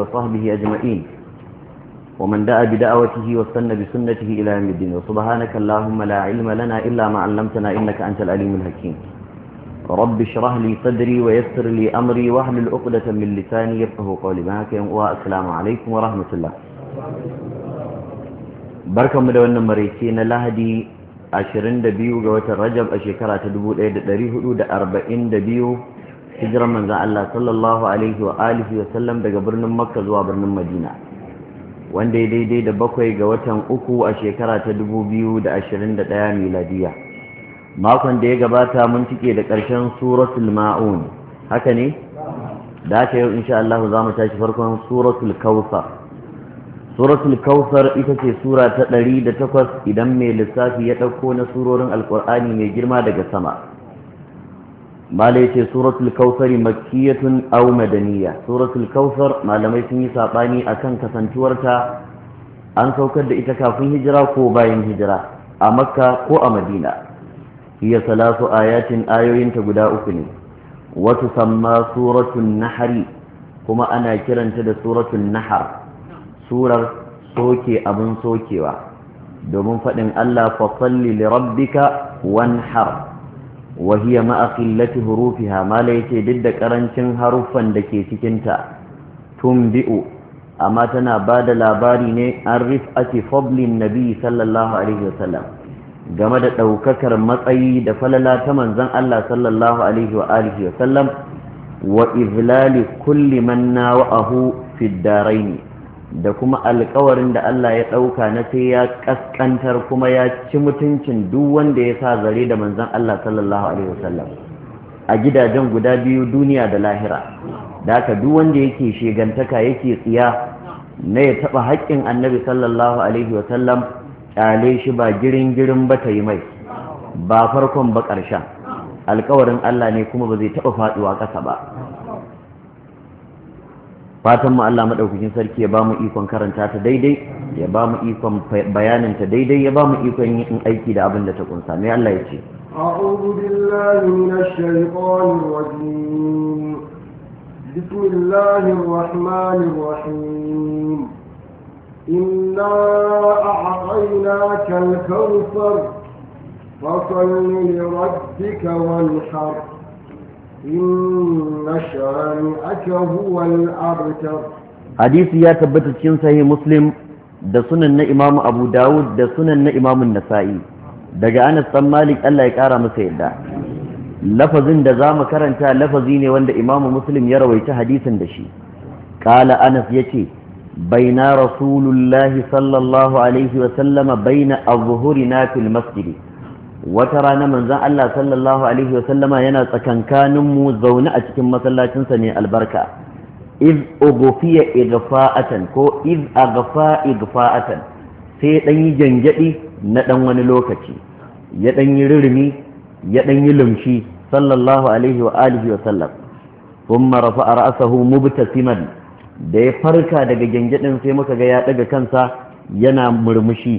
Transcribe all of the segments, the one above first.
وصحبه أجمعين ومن دعا بدعوته واستنى بسنته إلى يوم الدين وسبحانك اللهم لا علم لنا إلا ما علمتنا إنك أنت العليم الحكيم رب اشرح لي صدري ويسر لي أمري واحلل عقدة من لساني يفقه قولي معك والسلام عليكم ورحمة الله barkan mu da wannan maraice na lahadi 22 ga watan rajab a shekara ta 1442 hijirar manzan Allah sallallahu alaihi wa alihi wa sallam daga birnin makka zuwa birnin madina wanda ya daidai da bakwai ga watan uku a shekara ta 2021 miladiya makon da ya gabata mun cike da ƙarshen suratul ma'un haka ne da aka yau insha Allah za mu tashi farkon suratul kawsar suratul kawsar ita ce sura ta 108 idan mai lissafi ya ɗauko na surorin alkur'ani mai girma daga sama malai ce suratul kautsari makiyatun aw madaniya suratul kautsar malamai sun yi saɓani akan kasantuwarta an saukar da ita kafin hijira ko bayan hijira a makka ko a madina hiya salatu ayatin ayoyinta guda uku ne wasu samma suratun nahari kuma ana kiranta da suratun nahar surar soke abin sokewa domin faɗin allah fasalli li rabbika wanhar وهي hurufi أقلة حروفها ما ليتي ضد كرنشن حروفا دكي تكنتا تنبئ أما تنا بعد لاباري عن رفعة فضل النبي صلى الله عليه وسلم game da ɗaukakar matsayi da falala ta manzon Allah sallallahu alaihi wa alihi wa sallam wa izlali kulli man nawa'ahu fi ddaraini da kuma alkawarin da Allah ya ɗauka na sai ya ƙasƙantar kuma ya ci mutuncin duk wanda ya sa zare da manzon Allah sallallahu alaihi wasallam a gidajen guda biyu duniya da lahira da haka duk wanda yake shegantaka yake tsiya na ya taɓa haƙƙin annabi sallallahu alaihi wasallam ƙyale shi ba girin girin ba ta yi mai ba farkon ba ƙarshen alkawarin Allah ne kuma ba zai taɓa faɗuwa ƙasa ba fatan mu Allah madaukakin sarki ya ba mu ikon karanta ta daidai ya ba mu ikon bayanin ta daidai ya ba mu ikon yin aiki da abin da ta kunsa mai Allah ya ce أعوذ بالله من الشيطان الرجيم بسم الله الرحمن الرحيم إنا أعطيناك الكوثر فصل لربك وانحر Hadisi ya هو cikin sahih muslim da sunan na imam abu Da'ud da sunan na imam an-nasa'i daga anas dan malik Allah ya kara masa yadda lafazin da zamu karanta lafazi ne wanda imam muslim ya rawaita hadisin da shi qala anas yace baina rasulullahi sallallahu alaihi wa sallama baina azhurina fil masjidi wata rana manzon Allah sallallahu alaihi wasallama yana tsakankanin mu zaune a cikin masallacinsa ne albarka iz ugufiya igfa'atan ko iz aghfa igfa'atan sai dan yi jangadi na dan wani lokaci ya dan yi rurumi ya dan yi lumshi sallallahu alaihi wa alihi wa sallam thumma rafa'a ra'sahu mubtasiman da ya farka daga jangadin sai muka ga ya daga kansa yana murmushi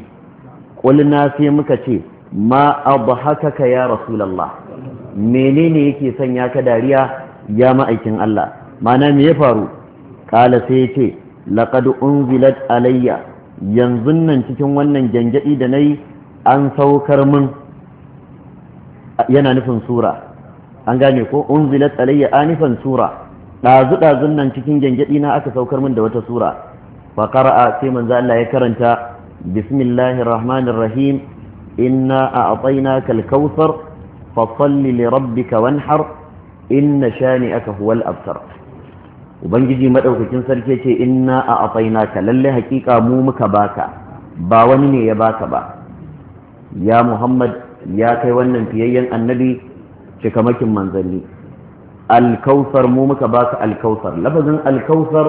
qulna sai muka ce ma abu ka ya mene menene yake sanya ka dariya ya ma'aikin Allah mana me ya faru kala sai ya ce laqad unzilat alayya yanzu nan cikin wannan gangadi da nayi an saukar min yana nufin sura an gane ko unzilat alayya anifan sura dazu dazun nan cikin gangadi na aka saukar min da wata sura fa qara'a sai manzo Allah ya karanta bismillahir rahmanir rahim إنا أعطيناك الكوثر فصل لربك وانحر إن شانئك هو الأبتر وبنجي مدعوك تنسر كيتي إنا أعطيناك للي حقيقة مومك باكا باوني يباك با يا محمد يا كيوانا فييا النبي شكمك منزلي الكوثر مومك باكا الكوثر لفظا الكوثر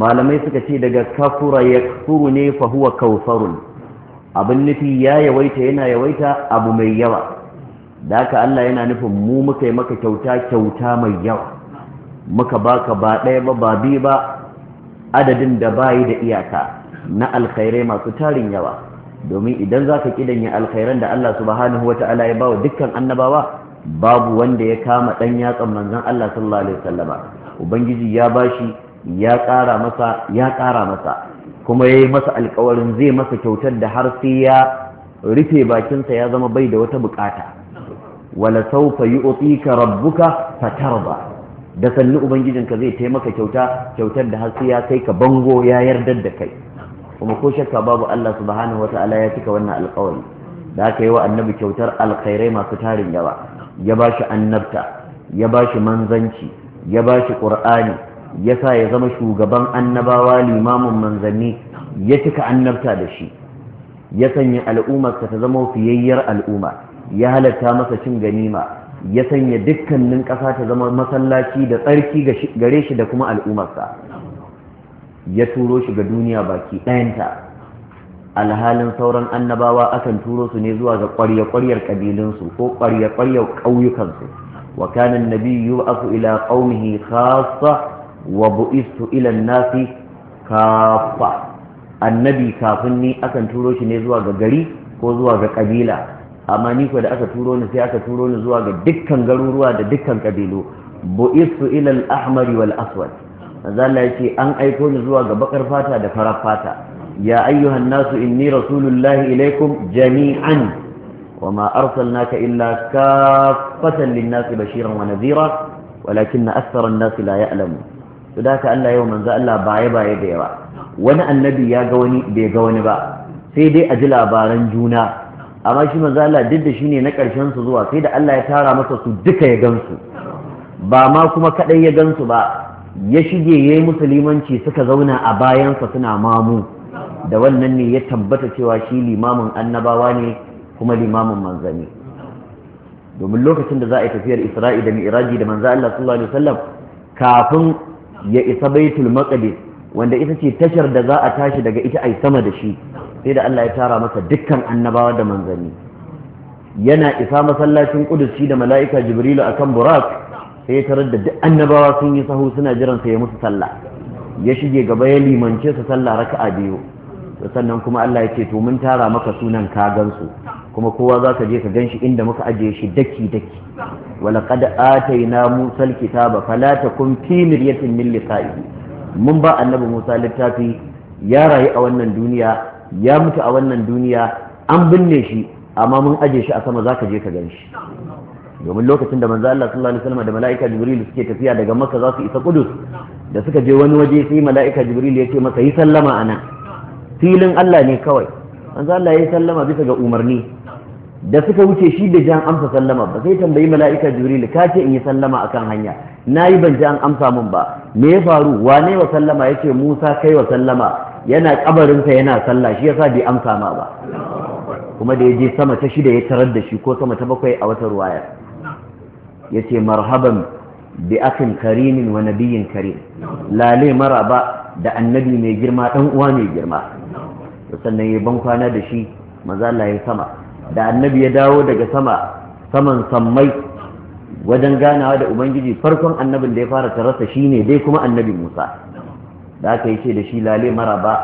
ما لم يسكتي دقا كفر يكفر فهو كوثر abin nufi ya yawaita yana yawaita abu mai yawa da haka Allah yana nufin mu muka yi maka kyauta kyauta mai yawa muka baka ba ɗaya ba ba biyu ba adadin da bayi da iyaka na alkhairai masu tarin yawa domin idan za ka yi alkhairan da Allah subhanahu wa ta'ala ya bawa dukkan annabawa babu wanda ya kama ɗan yatsan manzon Allah sallallahu alaihi wasallama ubangiji ya bashi ya ƙara masa ya ƙara masa kuma ya yi masa alkawarin zai masa kyautar da har sai ya rufe bakinsa ya zama bai da wata bukata wala saufa ka, rabbuka ba da sannu ubangijinka zai taimaka kyauta kyautar da har sai ya kai ka bango ya yardar da kai kuma ko shakka babu Allah subhanahu ta'ala ya cika wannan alkawari da aka yi wa annabi kyautar alkhairai masu tarin yawa ya bashi annabta ya bashi manzanci ya bashi qur'ani yasa ya zama shugaban annabawa limamin manzanni ya cika annabta da shi ya sanya al'ummarsa ta zama fiyayyar al'umma ya halatta masa cin ganima ya sanya dukkanin ƙasa ta zama masallaci da tsarki gare shi da kuma al'ummarsa ya turo shi ga duniya baki ɗayanta alhalin sauran annabawa akan turo su ne zuwa ga ƙwarya-ƙwaryar ƙabilinsu ko ƙwarya-ƙwaryar ƙauyukansu wa Nabiyu nabi yub'athu ila qaumihi khassa wa bu'istu ila nasi kafa annabi kafin ni akan turo shi ne zuwa ga gari ko zuwa ga kabila amma ni da aka turo ni sai aka turo ni zuwa ga dukkan garuruwa da dukkan kabilu bu'istu ila al-ahmari wal aswad zalla yace an aiko ni zuwa ga bakar fata da farar fata ya ayyuhan nasu inni rasulullahi ilaikum jami'an وما أرسلناك إلا كافة للناس بشيرا ونذيرا ولكن أكثر الناس لا يعلمون Su da ka Allah yau manzo Allah baye baye da yawa wani annabi ya ga wani bai ga wani ba sai dai a ji labaran juna amma shi manzo Allah duk da shine na karshen su zuwa sai da Allah ya tara masa su duka ya gansu ba ma kuma kadai ya gansu ba ya shige yayi musulmanci suka zauna a bayansa suna mamu da wannan ne ya tabbata cewa shi limamin annabawa ne kuma limamin manzani. domin lokacin da za a yi tafiyar Isra'i da Mi'raji da manzo Allah sallallahu alaihi wasallam kafin ya isa baitul maqdi wanda ita ce tashar da za a tashi daga ita ai sama da shi sai da Allah ya tara masa dukkan annabawa da manzanni yana isa masallacin shi da mala'ika jibrilu akan burak sai ya tarar da duk annabawa sun yi sahu suna jiran sa ya musu sallah ya shige gaba ya limance su sallah raka'a biyu sannan kuma Allah ya ce to mun tara maka sunan ka gansu kuma kowa za ka je ka gan shi inda muka ajiye shi daki daki wala qad atayna musa alkitaba fala kun fi miryatin min lisa'ihi mun ba annabi musa littafi ya rayu a wannan duniya ya mutu a wannan duniya an binne shi amma mun aje shi a sama za ka je ka gan shi domin lokacin da manzo Allah sallallahu alaihi wasallam da mala'ika jibril suke tafiya daga makka za su isa kudus da suka je wani waje sai mala'ika jibril ya ce masa yi sallama anan filin Allah ne kawai manzo Allah ya yi sallama bisa ga umarni da suka wuce shi da jan amsa sallama ba sai tambayi mala'ika jibril ka ce in yi sallama akan hanya nayi ban ji an amsa min ba me ya faru wane wa sallama yace Musa kai wa sallama yana kabarin sa yana sallah shi yasa bai amsa ma ba kuma da yaje sama ta shida ya tarar da shi ko sama ta bakwai a wata ruwaya yace marhaban bi akin karimin wa nabiyyin karim lale maraba da annabi mai girma dan uwa mai girma sannan ya ban kwana da shi maza Allah ya sama da annabi ya dawo daga sama saman sammai wajen ganawa da ubangiji farkon annabin da ya fara tarasa ne dai kuma annabi musa da aka yi ce da shi lale mara ba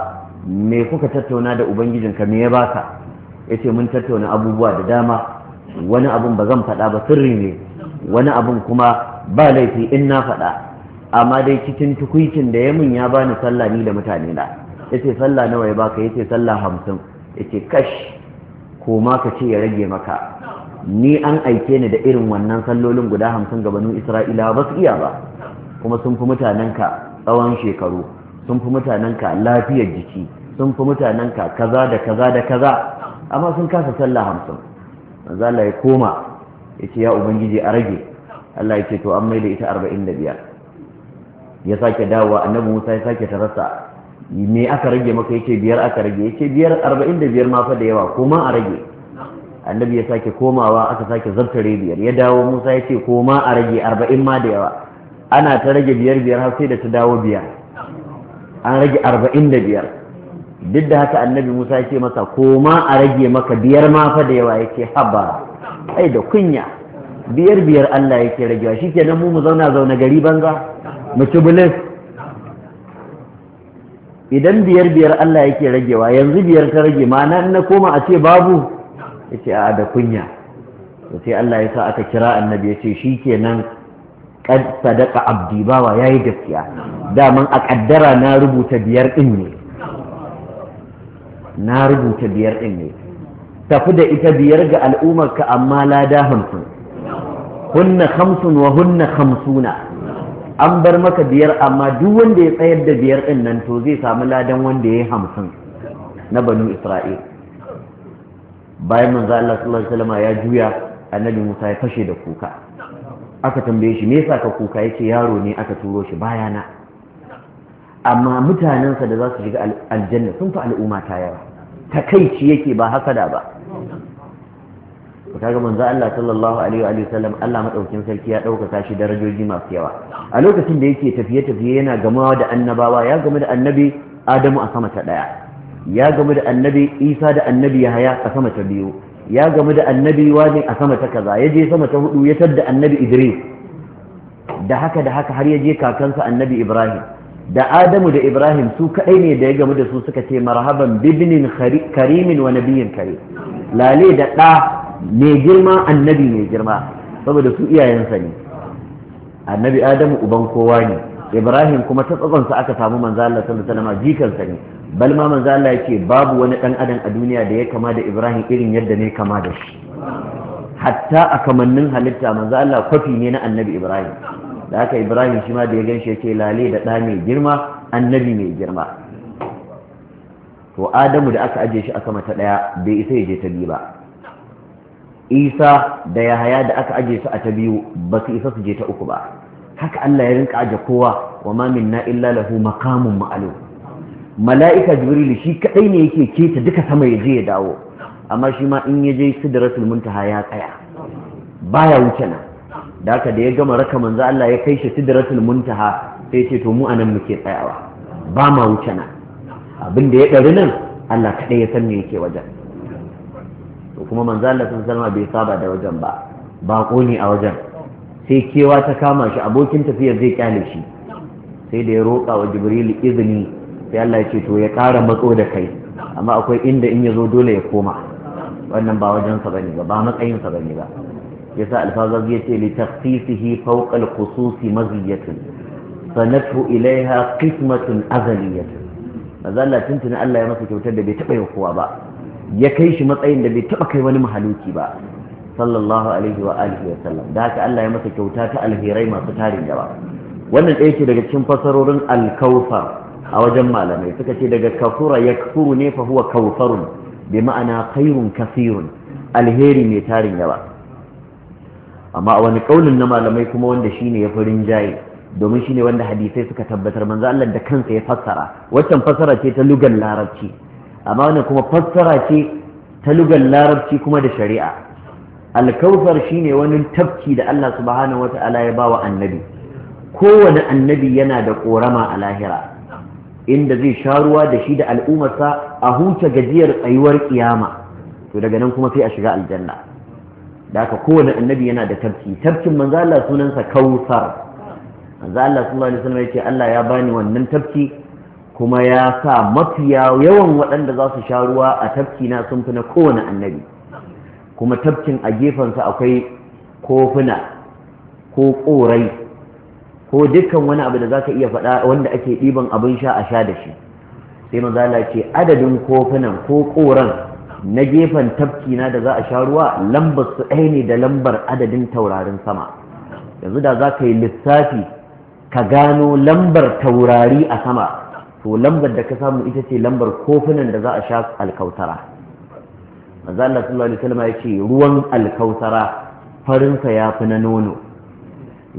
me kuka tattauna da ubangijin ka me ya baka ya ce mun tattauna abubuwa da dama wani abun ba zan faɗa ba sirri ne wani abun kuma ba laifi in na faɗa amma dai cikin tukuicin da ya mun ya bani sallah ni da mutane na ya ce sallah nawa ya baka ya ce sallah hamsin ya ce kash ko ma ka ce ya rage maka ni an aike ni da irin wannan sallolin guda hamsin gabanin isra'ila ba su iya ba kuma sun fi mutanenka tsawon shekaru sun fi mutanenka lafiyar jiki sun fi mutanenka kaza da kaza da kaza amma sun kasa sallah hamsin manzo Allah ya koma yace ya ubangiji a rage Allah ya ce to an mai da ita arba'in da biyar ya sake dawowa annabi Musa ya sake tarasa me aka rage maka yake biyar aka rage yake biyar arba'in da biyar ma fa da yawa koma a rage annabi ya sake komawa aka sake zartare biyar ya dawo musa ya ce koma a rage arba'in ma da yawa ana ta rage biyar biyar har sai da ta dawo biyar an rage arba'in da biyar duk da haka annabi musa ya ce masa koma a rage maka biyar ma fa da yawa yake haba ai da kunya biyar biyar allah yake ragewa kenan mu mu zauna zauna gari banza mu ci bilis idan biyar biyar Allah yake ragewa yanzu biyar ta rage mana in na koma a ce babu ya ce a da kunya da sai Allah ya sa aka kira annabi ya ce shi ke nan sadaka abdi bawa ya yi gaskiya daman a kaddara na rubuta biyar din ne na rubuta biyar din ne tafi da ita biyar ga al'ummarka amma lada hamsin hunna hamsin wa hunna hamsuna an bar maka biyar amma duk wanda ya tsayar da biyar ɗin nan to zai samu ladan wanda ya yi hamsin na banu isra'il bayan manzo Allah sallallahu alaihi wasallam ya juya annabi Musa ya fashe da kuka aka tambaye shi me yasa ka kuka yake yaro ne aka turo shi bayana amma mutanensa da za su shiga aljanna sun fi al'umma ta yawa takaici yake ba hasada ba to kaga manzo Allah sallallahu alaihi wa sallam Allah madaukin sarki ya ɗaukaka shi darajoji masu yawa a lokacin da yake tafiye tafiye yana gamawa da annabawa ya gamu da annabi Adamu a sama ta daya ya gamu da annabi Isa da annabi Yahaya a sama ta biyu ya gamu da annabi wani a sama ta kaza ya je sama ta hudu ya tadda annabi Idris da haka da haka har ya je kakansa annabi Ibrahim da Adamu da Ibrahim su kadai ne da ya gamu da su suka ce marhaban bibnin karimin wa nabiyyin karim lale da da mai girma annabi mai girma saboda su iyayensa ne annabi adamu uban kowa ne ibrahim kuma ta tsakonsa aka samu manzo Allah sallallahu alaihi wasallam jikansa ne Balma ma manzo Allah yake babu wani dan adam a duniya da ya kama da ibrahim irin yadda ne kama da shi hatta a kamannin halitta manzo Allah kwafi ne na annabi ibrahim da haka ibrahim shi ma da ya ganshi yake lale da ɗa mai girma annabi mai girma to adamu da aka aje shi a sama ta ɗaya bai isa ya je ta biyu ba isa da yahaya da aka aje su a ta biyu ba su isa su je ta uku ba haka Allah ya rinka aje kowa wa ma minna illa lahu maqamun ma'lum mala'ika jibril shi kadai ne yake keta duka sama ya je ya dawo amma shi ma in ya je sidratul muntaha ya tsaya baya wuce nan da haka da ya gama raka manzo Allah ya kai shi sidratul muntaha sai ce to mu anan muke tsayawa ba ma wuce na, abin da ya dari nan Allah kadai ya san me yake wajen kuma manzo Allah bai saba da wajen ba bako ne a wajen sai kewa ta kama shi abokin tafiyar zai kyale shi sai da ya roƙa wa jibril izini sai Allah ce to ya ƙara matso da kai amma akwai inda in ya zo dole ya koma wannan ba wajensa bane ba ba matsayinsa bane ba yasa alfazar ya ce li tafsisihi fawqa al-khususi maziyatun sanatu ilaiha qismatun azaliyatun mazalla tuntuna Allah ya masa kyautar da bai taba yin kowa ba ya kai shi matsayin da bai taba kai wani mahaluki ba sallallahu alaihi wa alihi wa sallam da haka Allah ya masa kyauta ta alherai masu tarin yawa wannan ɗaya ce daga cikin fasarorin alkaufa a wajen malamai suka ce daga kafura ya kafuru ne fa huwa kaufarun bi ma'ana khairun kasirun alheri mai tarin gaba. amma a wani kaulin na malamai kuma wanda shine ya farin jaye domin shine wanda hadisai suka tabbatar manzo Allah da kansa ya fassara waccan fassara ce ta lugan larabci amma wannan kuma fassara ce ta lugar larabci kuma da shari'a alkawfar shine wani tafki da Allah subhanahu wata'ala ya bawa annabi kowane annabi yana da korama a lahira inda zai sha ruwa da shi da al'ummarsa a huce gajiyar tsayuwar kiyama to daga nan kuma sai a shiga aljanna da aka kowane annabi yana da tafki tafkin manzo Allah sunansa kautsar manzo Allah sallallahu alaihi wasallam yace Allah ya bani wannan tafki kuma ya sa mafi yawan waɗanda za su sha ruwa a tafki na sun fi na kowane annabi kuma tafkin a gefensa akwai kofuna ko ƙorai ko dukkan wani abu da za ka iya faɗa wanda ake ɗiban abin sha a sha da shi sai mazala ce adadin kofunan ko ƙoran na gefen tafki na da za a sha ruwa lambar su ɗaya ne da lambar adadin taurarin sama yanzu da za ka yi lissafi ka gano lambar taurari a sama to lambar da ka samu ita ce lambar kofunan da za a sha alkautara manzo Allah sallallahu alaihi wasallam yace ruwan alkautara farin sa yafi na nono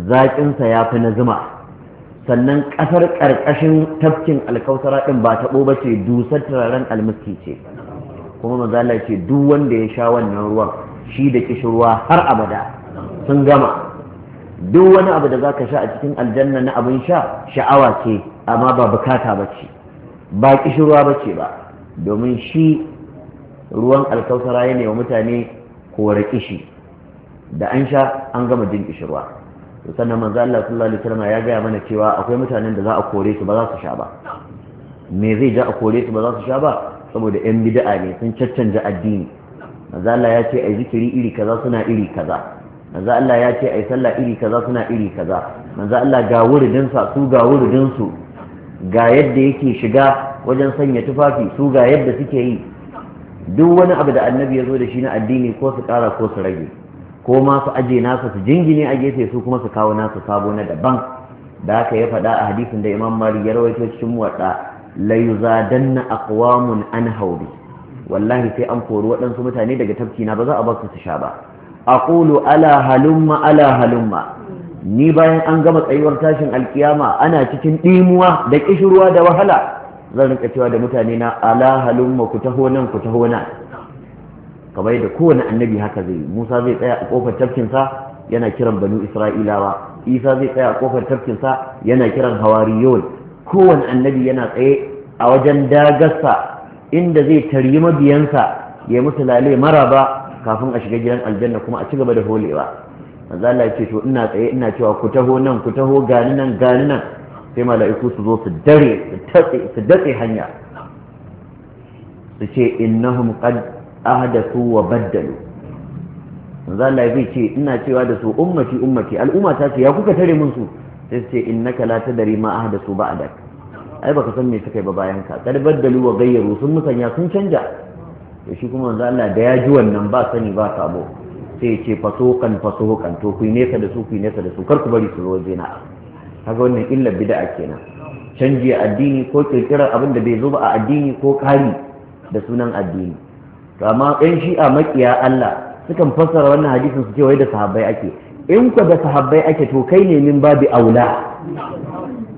zakin sa yafi na zuma sannan kasar karkashin tafkin alkautara din ba ta tabo ce dusar turaren almiski ce kuma manzo Allah yace duk wanda ya sha wannan ruwan shi da kishirwa har abada sun gama duk wani abu da za ka sha a cikin aljanna na abin sha sha'awa ce amma ba bukata ba ce ba kishirwa ba ce ba domin shi ruwan alkausara ya wa mutane kowar kishi da an sha an gama jin kishirwa to sannan manzo Allah sallallahu alaihi wasallam ya gaya mana cewa akwai mutanen da za a kore su ba za su sha ba me zai ja a kore su ba za su sha ba saboda yan bid'a ne sun caccanja addini manzo Allah ya ce ai zikiri iri kaza suna iri kaza manzo Allah ya ce ai sallah iri kaza suna iri kaza manzo Allah ga wuridin sa su ga wuridin su ga yadda yake shiga wajen sanya tufafi su ga yadda suke yi duk wani abu da annabi ya zo da shi na addini ko su kara ko su rage ko ma su aje nasa su jingine a gefe su kuma su kawo nasu sabo na daban da aka ya faɗa a hadisin da imam mari ya rawaito cikin waɗa la yuzadanna aqwamun an hawbi wallahi sai an kori waɗansu mutane daga tafki na ba za a bar su su sha ba aqulu ala halumma ala halumma ni bayan an gama tsayuwar tashin alkiyama ana cikin dimuwa da kishirwa da wahala zan rika cewa da mutane na ala halumma ku taho nan ku taho nan kamar yadda kowane annabi haka zai Musa zai tsaya a kofar tafkinsa yana kiran banu Isra'ilawa Isa zai tsaya a kofar tafkinsa yana kiran hawariyon kowane annabi yana tsaye a wajen dagarsa inda zai taryi mabiyansa ya musu lale maraba kafin a shiga gidan aljanna kuma a ci gaba da holewa manzo ya ce to ina tsaye ina cewa ku taho nan ku taho gani nan gani nan sai mala'iku su zo su dare su datse hanya su ce innahum qad ahdathu wa baddalu manzo Allah ya ce ina cewa da su ummati ummati al'umma ta ce ya kuka tare mun su sai su ce innaka la tadri ma ahdathu ba'dak ai baka san me suka yi ba bayan ka kad baddalu wa gayyaru sun musanya sun canja to shi kuma manzo Allah da ya ji wannan ba sani ba sabo sai ce faso kan to ku nesa da su ku nesa da su kar ku bari su zo na kaga wannan illa bid'a kenan canji addini ko kirkira abin da bai zo ba a addini ko kari da sunan addini to amma ɗan shi'a makiya Allah sukan fassara wannan hadisin su ce wai da sahabbai ake in ku da sahabbai ake to kai ne min babu aula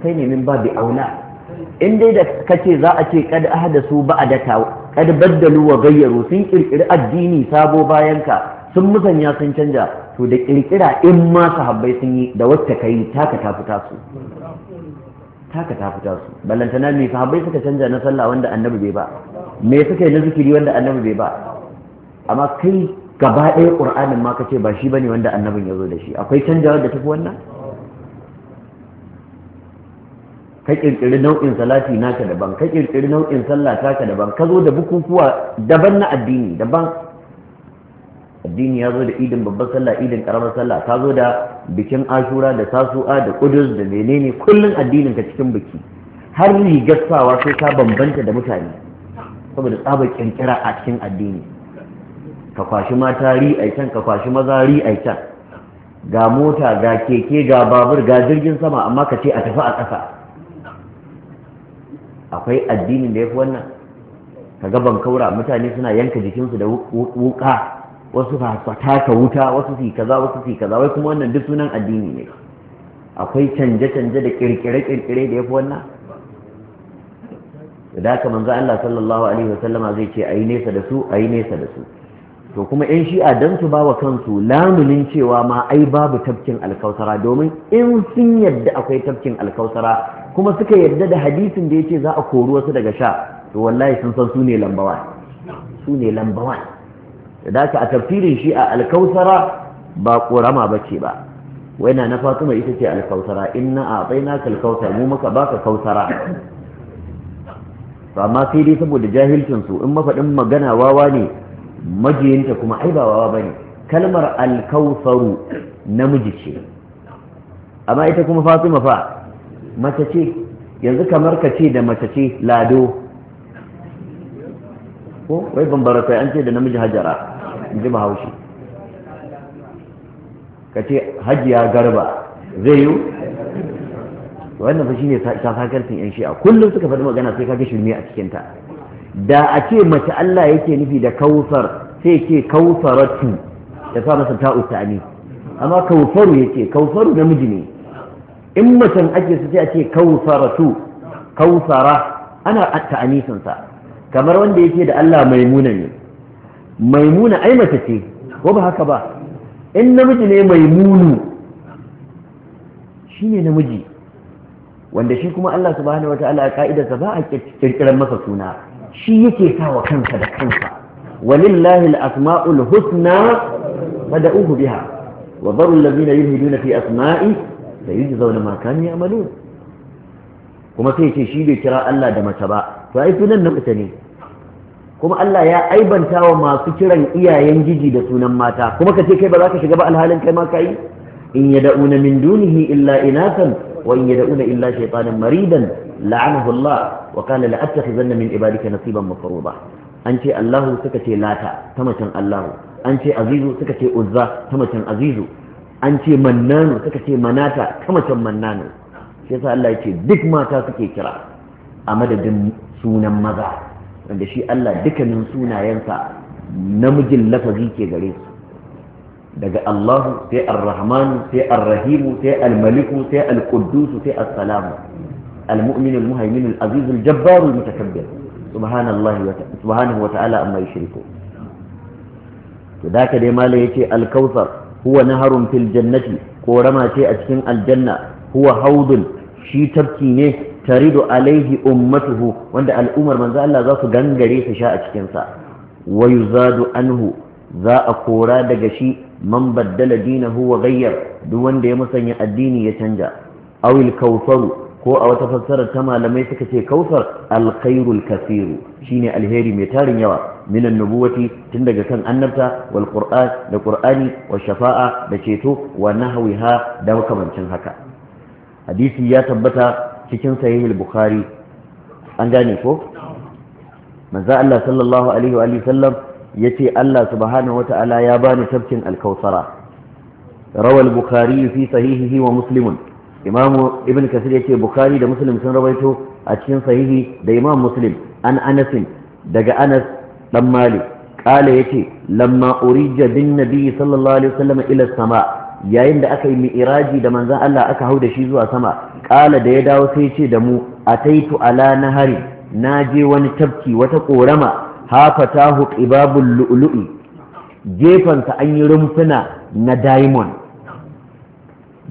kai ne min babu aula in dai da kace za a ce kada ahada su ba a da kad baddalu wa gayyaru sun kirkiri addini sabo bayan ka sun musanya sun canja to da kirkira in ma sahabbai sun yi da wacce kai taka ta fita su taka ta fita su ballantana me sahabbai suka canja na sallah wanda annabi bai ba me suka yi na zikiri wanda annabi bai ba amma kai gaba ɗaya ƙur'anin ma ka ce ba shi bane wanda annabin ya zo da shi akwai canjawa da tafi wannan ka kirkiri nau'in salati naka daban ka kirkiri nau'in sallah taka daban ka zo da bukukuwa daban na addini daban addini ya zo da idin babban sallah idin karamar sallah ka zo da bikin ashura da tasu'a da kudus da menene kullun addinin ka cikin biki har rigar sawa sai ka bambanta da mutane saboda tsaba kirkira a cikin addini ka kwashi mata ri a can ka kwashi maza ri a can ga mota ga keke ga babur ga jirgin sama amma ka ce a tafi a ƙasa akwai addinin da ya fi wannan ka gaban kaura mutane suna yanka jikinsu da wuka wasu fa ka wuta wasu fi kaza wasu fi kaza wai kuma wannan duk sunan addini ne akwai canje-canje da kirkire-kirkire da ya fi wannan da haka manzo Allah sallallahu alaihi wasallama zai ce ayi nesa da su ayi nesa da su to kuma yan shi'a dan su bawa kansu lamunin cewa ma ai babu tafkin alkausara domin in sun yadda akwai tafkin alkausara kuma suka yarda da hadisin da ya ce za a kori wasu daga sha to wallahi sun san su ne lambawa su ne lambawa da haka a tafsirin shi a alkausara ba ba ce ba wai na fatima ita ce alkausara inna a tsaina kalkautar mu muka baka kausara to amma sai dai saboda jahilcinsu in mafaɗin magana wawa ne majiyinta kuma ai ba wawa ne kalmar alkausaru namiji ce amma ita kuma fatima fa mace yanzu kamar ka ce da mace lado ko wai bambara kai an ce da namiji hajara in ji bahaushe ka ce hajiya garba zai yi wannan fa shine safakartin yan shi'a kullum suka faɗi magana sai kaga shirme a cikinta da a ce mace Allah yake nufi da kausar sai ce kausaratu ya sa masa ta'u ta'ani amma kausaru yake kausaru namiji ne in macen ake su sai a ce kawsaratu kawsara ana ta'anisin kamar wanda yake da Allah maimuna ne maimuna ai mace ce ko ba haka ba in namiji ne maimunu ne namiji wanda shi kuma Allah subhanahu wataala a ka'idarsa ba a kirkiran masa suna shi yake sawa kansa da kansa ولله الأسماء الحسنى فدعوه بها وذروا الذين يلهدون في أسمائه sayuji zaune makani ya malu kuma sai ce shi bai kira Allah da mace ba to ai sunan na mace ne kuma Allah ya aibanta wa masu kiran iyayen giji da sunan mata kuma ka ce kai ba za ka shiga ba alhalin kai ma kai in da'una min dunihi illa inasan wa in da'una illa shaytanan maridan la'anahu Allah wa qala la attakhizanna min ibadika nasiban mafruḍa an ce Allahu suka ce lata ta macen Allahu an ce azizu suka ce uzza ta macen azizu an ce mannanu suka ce manata ta can mannanu shi yasa Allah ya ce duk mata suke kira a madadin sunan maza wanda shi Allah dukkanin sunayensa namijin lafazi ke gare su daga Allah sai ar-rahman sai ar-rahim sai al-malik sai al-quddus sai as-salam al-mu'min al-muhaymin al-aziz al-jabbar al-mutakabbir wa ta'ala amma yushriku to da ka dai mala yace al-kautsar huwa naharun fil jannati korama ce a cikin aljanna huwa haudun shi tafki ne taridu alaihi ummatuhu wanda al'ummar manzo Allah za su gangare su sha a cikin sa wa yuzadu anhu za a kora daga shi man baddala dinahu wa ghayyar duk wanda ya musanya addini ya canja awil kawfaru ko a wata fassarar ta malamai suka ce kausar alkhairul kasiru shine alheri mai tarin yawa minan nubuwati tun daga kan annabta wal qur'an da qur'ani wa shafa'a da ceto wa nahwiha da makamancin haka hadisi ya tabbata cikin sahih bukhari an gane ko manzo Allah sallallahu alaihi wa sallam yace Allah subhanahu ta'ala ya bani tafkin alkausara rawal bukhari fi sahihihi wa muslimun imamu ibn kasir yace bukhari da muslim sun rawaito a cikin sahihi da imam muslim an anas daga anas dan mali kala yace lamma urija bin nabi sallallahu alaihi wasallam ila sama yayin da aka yi miiraji da manzon Allah aka hau da shi zuwa sama kala da ya dawo sai ce da mu ataitu ala nahari na je wani tafki wata korama hafatahu qibabul lu'lu'i gefansa an yi rumfuna na diamond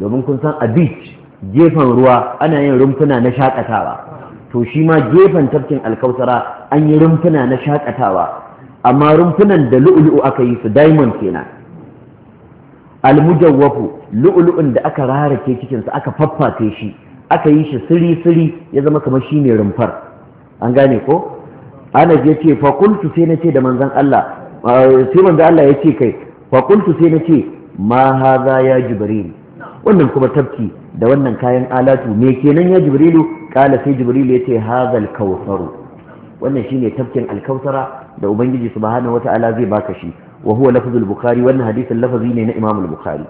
domin kun san a beach gefen ruwa ana yin rumfuna na shakatawa to shi ma gefen tafkin alkausara an yi rumfuna na shakatawa amma rumfunan da lu'ulu'u aka yi su diamond kenan almujawwafu lu'ulu'un da aka rarake su aka faffafe shi aka yi shi siri-siri ya zama kamar shi ne rumfar an gane ko ana ya ce fakultu sai na ce da manzan Allah sai manzan Allah ya ce kai fakultu sai na ce ma haza ya jibril wannan kuma tafki da wannan kayan alatu me kenan ya jibrilu kala sai jibrilu yace hazal kawsaru wannan shine tafkin alkausara da ubangiji subhanahu wataala zai baka shi wa huwa lafzul bukhari wannan hadisin lafazi ne na Imamul bukhari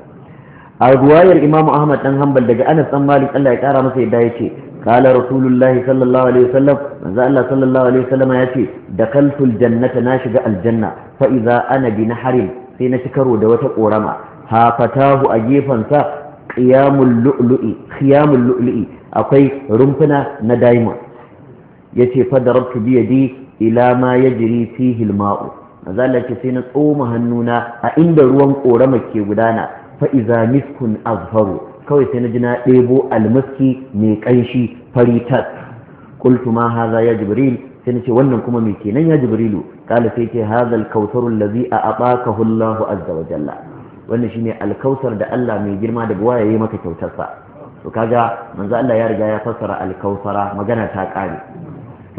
a ruwayar imam ahmad dan hanbal daga anas dan malik Allah ya kara masa yadda yace kala rasulullahi sallallahu alaihi wasallam manzo Allah sallallahu alaihi wasallam yace da kalful jannata na shiga aljanna fa idza ana bi sai na ci karo da wata korama ha fatahu a gefansa qiyamul lu'lu'i khiyamul lu'lu'i akwai rumfuna na diamond yace fa darabtu bi yadi ila ma yajri fihi al-ma'u sai na tsoma hannuna a inda ruwan korama ke gudana fa iza miskun azharu kawai sai na ji na ɗebo almaski mai ƙanshi fari tas qultu ma hadha ya jibril sai na ce wannan kuma mai kenan ya jibrilu kala sai ce hadha al-kawtharu allazi a'takahu Allahu azza wa jalla wannan shine alkausar da Allah mai girma daga waya yi maka kyautar to kaga manzo Allah ya riga ya fassara alkausara magana ta ƙare.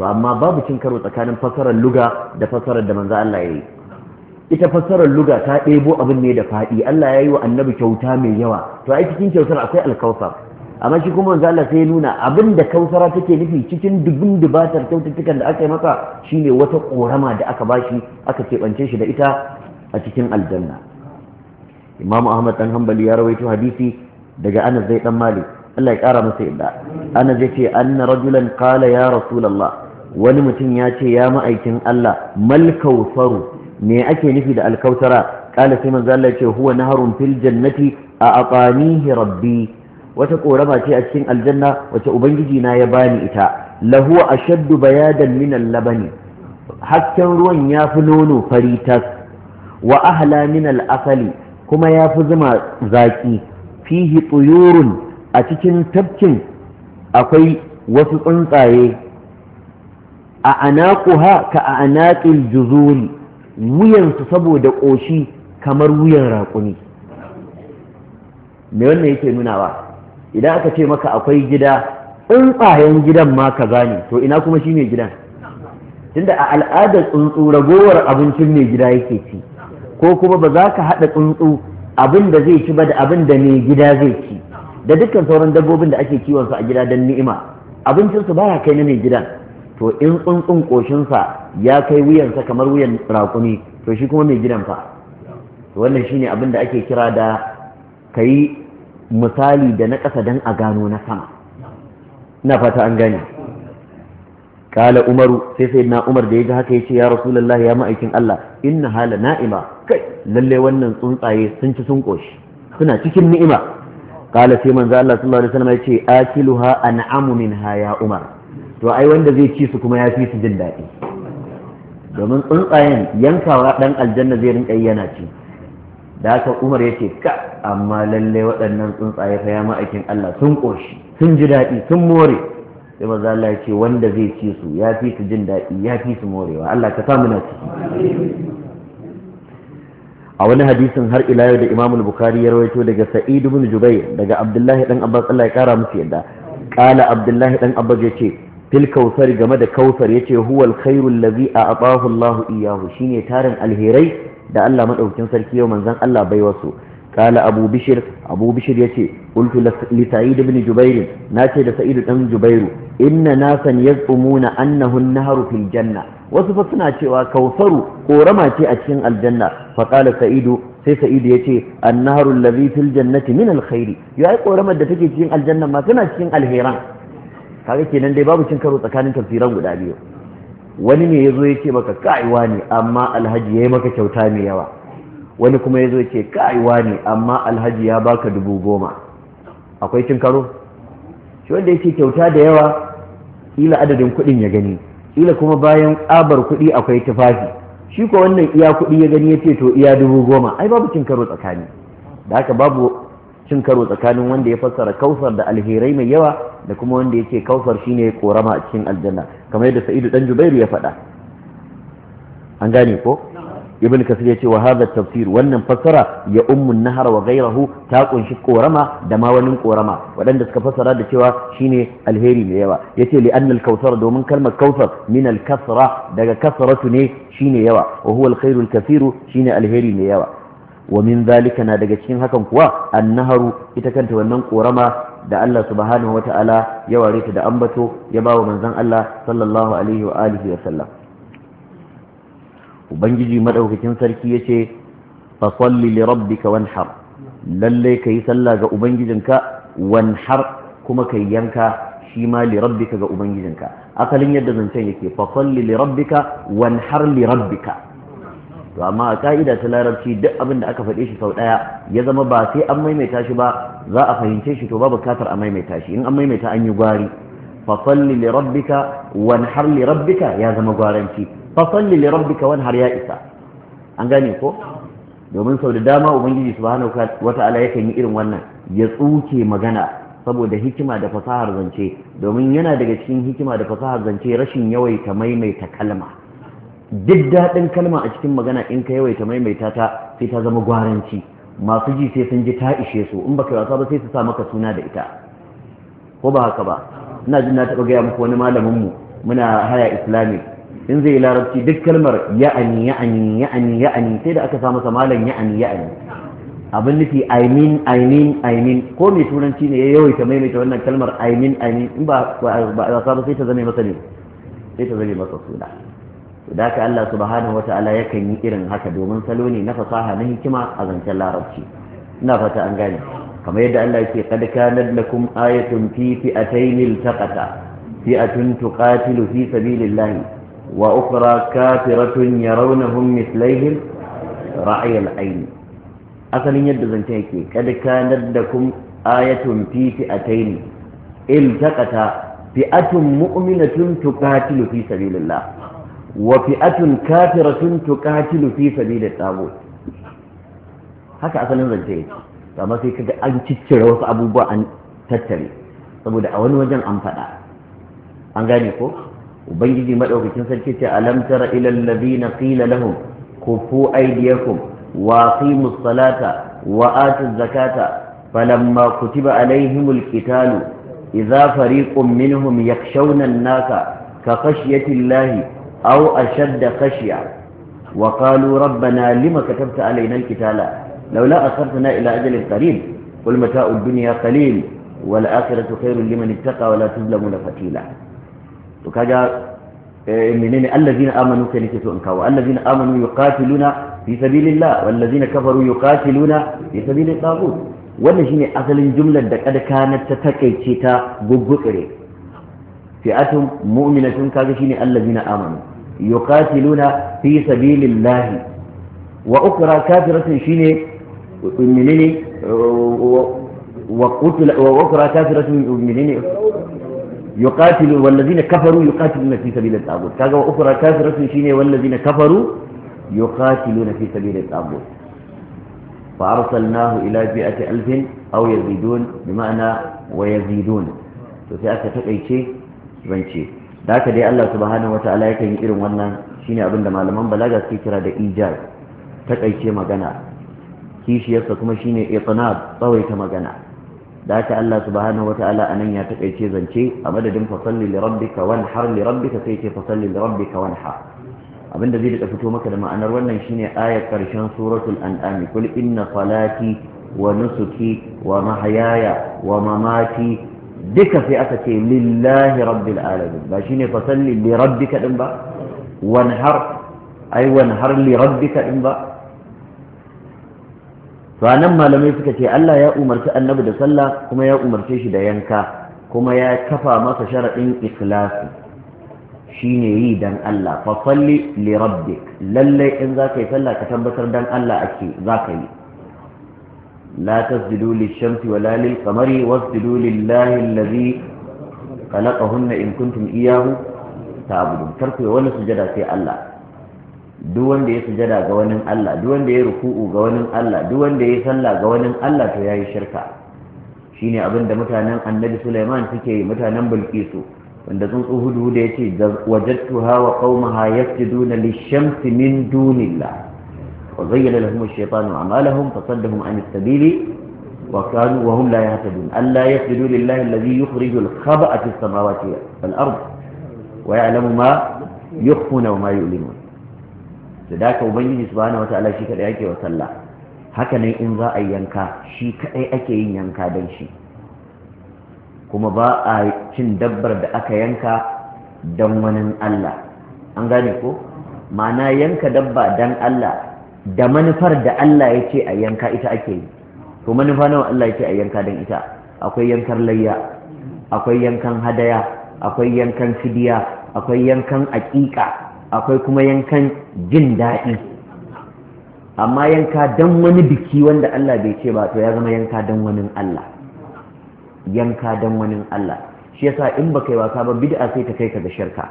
to amma babu cin karo tsakanin fassarar luga da fassarar da manzo Allah yayi ita fassarar luga ta ɗebo abin ne da faɗi Allah ya yi wa annabi kyauta mai yawa to ai cikin kyautar akwai alkausar amma shi kuma manzo Allah sai nuna abin da kausara take nufi cikin dubin dubatar kyaututtukan da aka yi masa shine wata ƙorama da aka bashi aka keɓance shi da ita a cikin aljanna imamu ahmad dan hanbali ya rawaito hadisi daga anas zai dan malik Allah ya kara masa yadda anas ya anna rajulan qala ya rasulullah wani mutum ya ce ya ma'aikin Allah mal kausaru me ake nufi da alkautara qala sai manzo Allah ce huwa naharun fil jannati a aqanihi rabbi wata korama ce a cikin aljanna wace ubangiji na ya bani ita lahu ashaddu bayadan min al-labani hasken ruwan ya fi nono fari tas wa ahla min al-asali kuma ya fi zuma zaƙi fihi tsuyurun a cikin tafkin akwai wasu tsuntsaye a anaquha ka a anaqil juzuri wuyansu saboda ƙoshi kamar wuyan raƙumi me wannan yake nunawa idan aka ce maka akwai gida tsuntsayen gidan ma ka ne to ina kuma shi mai gidan tunda a al'adar tsuntsu ragowar abincin mai gida yake ci ko kuma ba za ka haɗa tsuntsu abin da zai ci ba da abin da mai gida zai ci da dukkan sauran dabbobin da ake kiwon su a gida don ni'ima abincin su baya kai na mai gidan to in tsuntsun koshinsa ya kai wuyansa kamar wuyan raƙumi to shi kuma mai gidan fa to wannan shine abin da ake kira da kayi misali da na ƙasa dan a gano na sama na fata an gane kala umaru sai sai na umar da ya haka ya ce ya rasulullah ya ma'aikin allah inna hala na'ima kai lalle wannan tsuntsaye sun ci sun koshi suna cikin ni'ima kala sai manzo Allah sallallahu alaihi wasallam yace akiluha an'amu minha ya umar to ai wanda zai ci su kuma ya fi su jin daɗi domin tsuntsayen yankawa dan aljanna zai rinka yana ci da haka umar yace ka amma lalle waɗannan tsuntsaye fa ya ma'aikin Allah sun koshi sun ji daɗi sun more sai manzo Allah ya ce wanda zai ci su ya fi su jin daɗi ya fi su morewa Allah ka samu na ciki a wani hadisin har ila yau da Imam Bukhari ya rawaito daga Sa'idu bin jubai daga Abdullahi dan Abbas Allah ya kara musu yadda kala Abdullahi dan Abbas ya ce, fil kausar game da kausar, ya yace huwa al a allazi a'tahu Allah iyyahu shine tarin alherai da Allah madaukin sarki yau manzon Allah bai wasu kala Abu bishir Abu ya yace qultu li Sa'id ibn Jubair nace da Sa'idu dan Jubairu inna nasan yazumuna annahu an-nahru fil janna wasu fa suna cewa kausaru korama ce a cikin aljanna fa qala sa'idu sai sa'idu yace an-naharu allazi fil jannati min alkhairi. khairi yayi koramar da take cikin aljanna ma tana cikin alheran kaga kenan dai babu cin karo tsakanin tafsiran guda biyu wani ne yazo yace maka kai wani amma alhaji yayi maka kyauta mai yawa wani kuma yazo yace kai wani amma alhaji ya baka dubu goma akwai cin karo shi wanda yake kyauta da yawa kila adadin kuɗin ya gani ila kuma bayan tsabar kuɗi akwai tufafi shi ko wannan iya kuɗi ya gani ya ce to iya dubu goma ai babu cin karo tsakani da haka babu cin karo tsakanin wanda ya fassara kausar da alherai mai yawa da kuma wanda ya ce kausar shi ne korama a cikin aljanna kamar yadda sa'idu dan jubairu ya faɗa an gane ko ibn kasir ya ce wa hadha tafsir wannan fassara ya ummun nahar wa ghayrahu ta kunshi korama da ma wani korama waɗanda suka fassara da cewa shine alheri mai yawa yace li annal kautsar domin kalmar kautsar min al kasra daga kasratu ne shine yawa wa huwa al kathiru shine alheri mai yawa wa min zalika na daga cikin hakan kuwa annaharu ita kanta wannan korama da Allah subhanahu wataala ya ware ta da ambato ya bawa manzon Allah sallallahu alaihi wa alihi wa sallam ubangiji madaukakin sarki ya ce, fa salli li rabbika wanhar lalle yi sallah ga ubangijinka wanhar kuma ka yanka shi ma li rabbika ga ubangijinka asalin yadda zancen yake fa salli li rabbika wanhar li rabbika to amma a ka'ida ta larabci duk abin da aka faɗe shi sau ɗaya ya zama ba sai an maimaita shi ba za a fahimce shi to ba bukatar a maimaita shi in an maimaita an yi gwari fa salli li rabbika wanhar li rabbika ya zama gwaranci fasalli li rabbika wanhar ya isa an gane ko domin sau da dama ubangiji subhanahu wata'ala yakan yi irin wannan ya tsuke magana saboda hikima da fasahar zance domin yana daga cikin hikima da fasahar zance rashin yawaita maimaita kalma duk daɗin kalma a cikin magana in ka yawaita maimaita ta sai ta zama gwaranci masu ji sai sun ji ta ishe su in baka wasa ba sai su sa maka suna da ita ko ba haka ba ina jin na taɓa gaya muku wani malamin mu muna haya islamic in zai larabci duk kalmar ya'ani ya'ani ya'ani ya'ani sai da aka samu samalan ya'ani ya'ani abin nufi i mean i mean i mean ko mai turanci ne ya yawaita maimaita wannan kalmar i mean i mean in ba ba samu sai ta zame masa ne sai ta zame masa suna to da Allah subhanahu wata'ala yakan yi irin haka domin salo ne na fasaha na hikima a zancen larabci ina fata an gane kamar yadda Allah yake kad kanat lakum ayatun fi fi'atayn iltaqata fi'atun tuqatilu fi sabilillahi وأخرى كافرة يرونهم مثليهم رأي العين أصل يد زنتيكي قد كانت لكم آية في فئتين التقتا فئة مؤمنة تقاتل في سبيل الله وفئة كافرة تقاتل في سبيل الطاغوت haka asalin zance yake amma sai kaga an ciccire wasu abubuwa an tattare saboda a wani wajen an faɗa an gane ko ubangiji madaukakin sarki ce alam tara ila alladhina qila lahum kufu aydiyakum wa aqimus salata wa atuz zakata falamma kutiba alaihimul qitalu idza fariqun minhum yakhshawna an-nasa ka khashyati llahi aw ashadda khashya wa qalu rabbana lima katabta alaina al-qitala لولا أخرتنا إلى أجل قريب قل متاع الدنيا قليل والآخرة خير لمن اتقى ولا تظلمون fatila. to kaga eh, menene allazina amanu kai nake so in kawo allazina amanu yuqatiluna fi sabilillah wallazina kafaru yuqatiluna fi sabilit tagut wannan shine asalin jumlar da kada kanat ta takeice ta guggure fi'atun mu'minatun kaga shine allazina amanu yuqatiluna fi sabilillah wa ukra kafiratun shine menene wa ukra kafiratun menene yuqatilu wallazina kafaru yuqatiluna fi sabilit tagut kaga wa ukra kafiratun shine wallazina kafaru yuqatiluna fi sabilit tagut fa arsalnahu ila bi'ati alfin aw yazidun bima'ana wa yazidun to sai aka takaice rance da haka dai Allah subhanahu wataala yakan yi irin wannan shine abinda malaman balaga suke kira da ijaz takaice magana kishiyarsa kuma shine itnab tsawaita magana da Allah subhanahu wata'ala anan ya takaice zance a madadin fasalli li rabbika wanhar li rabbika sai ce fasalli li rabbika wanhar abinda zai da fito maka da ma'anar wannan shine ayar karshen suratul an'am kul inna salati wa nusuki wa mahayaya wa mamati duka sai aka ce lillahi rabbil alamin ba shine fasalli li rabbika din ba wanhar ai wanhar li rabbika din ba to malamai suka ce Allah ya umarci annabi da sallah kuma ya umarce shi da yanka kuma ya kafa masa sharaɗin ikhlasi shine yi dan Allah fa li rabbi lallai in zaka yi sallah ka tabbatar dan Allah ake ka yi la tasjudu lish-shamsi wala lil-qamari wasjudu lillahi alladhi khalaqahunna in kuntum iyyahu ta'budun karku wani sujada sai Allah duk wanda ya sujada ga wani Allah duk wanda ya ruku'u ga wani Allah duk wanda ya sallah ga wani Allah to yayi shirka shine abin da mutanen Annabi Sulaiman suke yi mutanen Bilkisu wanda sun tsuhudu da yace wajadtuha wa qaumaha yasjuduna lish-shamsi min dunillah wa zayyana lahum ash-shaytanu a'malahum fasaddahum 'an as-sabili wa kanu wa hum la yahtadun alla yasjudu lillahi alladhi yukhrijul khaba'a fis-samawati wal-ard wa ya'lamu ma yukhfuna wa ma yu'linun da daka ubangiji subhanahu wataala shi kadai ake wa sallah haka ne in za a yanka shi kadai ake yin yanka don shi kuma ba a cin dabbar da aka yanka don wani Allah an gane ko ma'ana yanka dabba dan Allah da manufar da Allah ya ce a yanka ita ake yi to manufa nawa Allah ya ce a yanka don ita akwai yankar layya akwai yankan hadaya akwai yankan fidiya akwai yankan aƙiƙa akwai kuma yankan jin daɗi amma yanka don wani biki wanda Allah bai ce ba to ya zama yanka don wani Allah yanka don wani Allah shi yasa in ba kai wasa ba bid'a sai ta kai ka ga shirka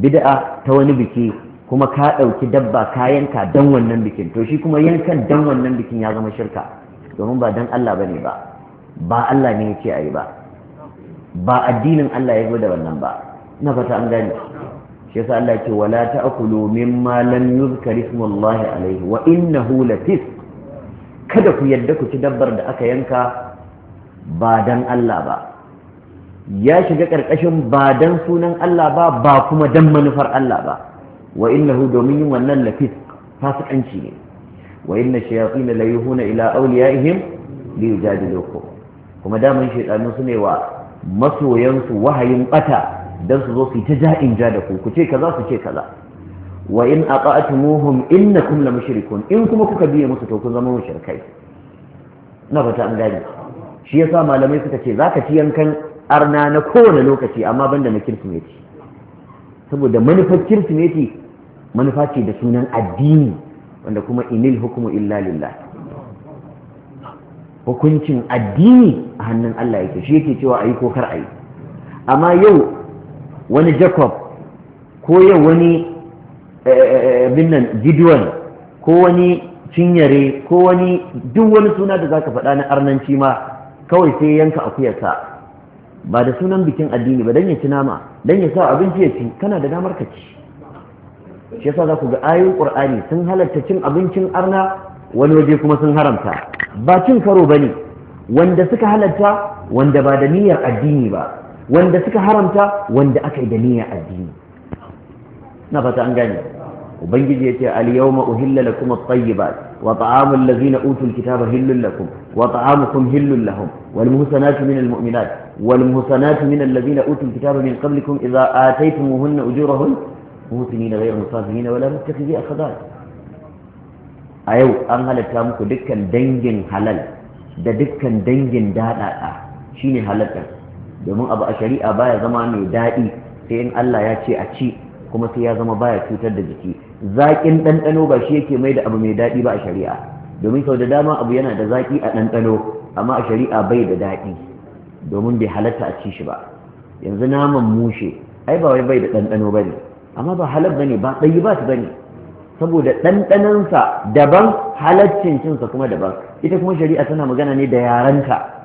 bid'a ta wani biki kuma ka ɗauki dabba ka yanka don wannan bikin to shi kuma yankan don wannan bikin ya zama shirka domin ba don Allah bane ba ba Allah ne ya ce a ba ba addinin Allah ya zo da wannan ba ina fata an gane shi yasa Allah ce wala ta'kulu mimma lam yuzkar ismullahi alayhi wa innahu latif kada ku yadda ku ci dabbar da aka yanka ba dan Allah ba ya shiga karkashin ba dan sunan Allah ba ba kuma dan manufar Allah ba wa innahu domin yin wannan latif fasikanci ne wa inna shayatin la yuhuna ila awliyaihim li yujadilukum kuma daman shaytanu sune wa masoyansu wahayin bata dan su zo su ta ja'in ja da ku ku ce kaza su ce kaza wa in aqa'tumuhum innakum la mushrikun in kuma kuka biye musu to kun zama mushrikai na fata an gani. shi yasa malamai suka ce zaka ci yankan arna na kowane lokaci amma banda na kirsimeti saboda manufar kirsimeti manufa ce da sunan addini wanda kuma inil hukumu illa lillah hukuncin addini a hannun Allah yake shi yake cewa ayi ko kar ayi amma yau wani jacob ko yau wani eh, eh, eh, binnan gideon ko wani cinyare ko wani duk wani suna da zaka faɗa na arnanci ma kawai sai yanka akuyarsa ba da sunan bikin addini ba dan ya ci nama dan ya sa abinci ya ci kana da damar ka ci shi yasa za ku ga ayoyin qur'ani sun halarta cin abincin arna wani waje kuma sun haramta ba cin karo bane wanda suka halarta wanda ba da niyyar addini ba wanda suka haramta wanda aka yi da niyya addini na fata an gane ubangiji ya ce al-yawma uhilla lakum at-tayyibat wa ta'amu allazina utul kitaba hillul lakum wa ta'amukum hillul lahum wal muhsanatu minal mu'minat wal muhsanatu minal ladina utul kitaba min qablikum idza ataytumuhunna ujurahun muhsinina ghayra musafihin wala muttakhidhi akhdan a yau an halatta muku dukkan dangin halal da dukkan dangin dadada shine halal domin abu a shari'a baya zama mai daɗi sai in Allah ya ce a ci kuma sai ya zama baya cutar da jiki zaƙin ɗanɗano ba shi yake mai da abu mai daɗi ba a shari'a domin sau da dama abu yana da zaƙi a ɗanɗano amma a shari'a bai da daɗi domin bai halatta a ci shi ba yanzu naman mushe ai ba wai bai da ɗanɗano ba ne amma ba halar ba ne ba ɗayi ba su ba ne saboda ɗanɗanonsa daban halaccin cinsa kuma daban ita kuma shari'a tana magana ne da yarenka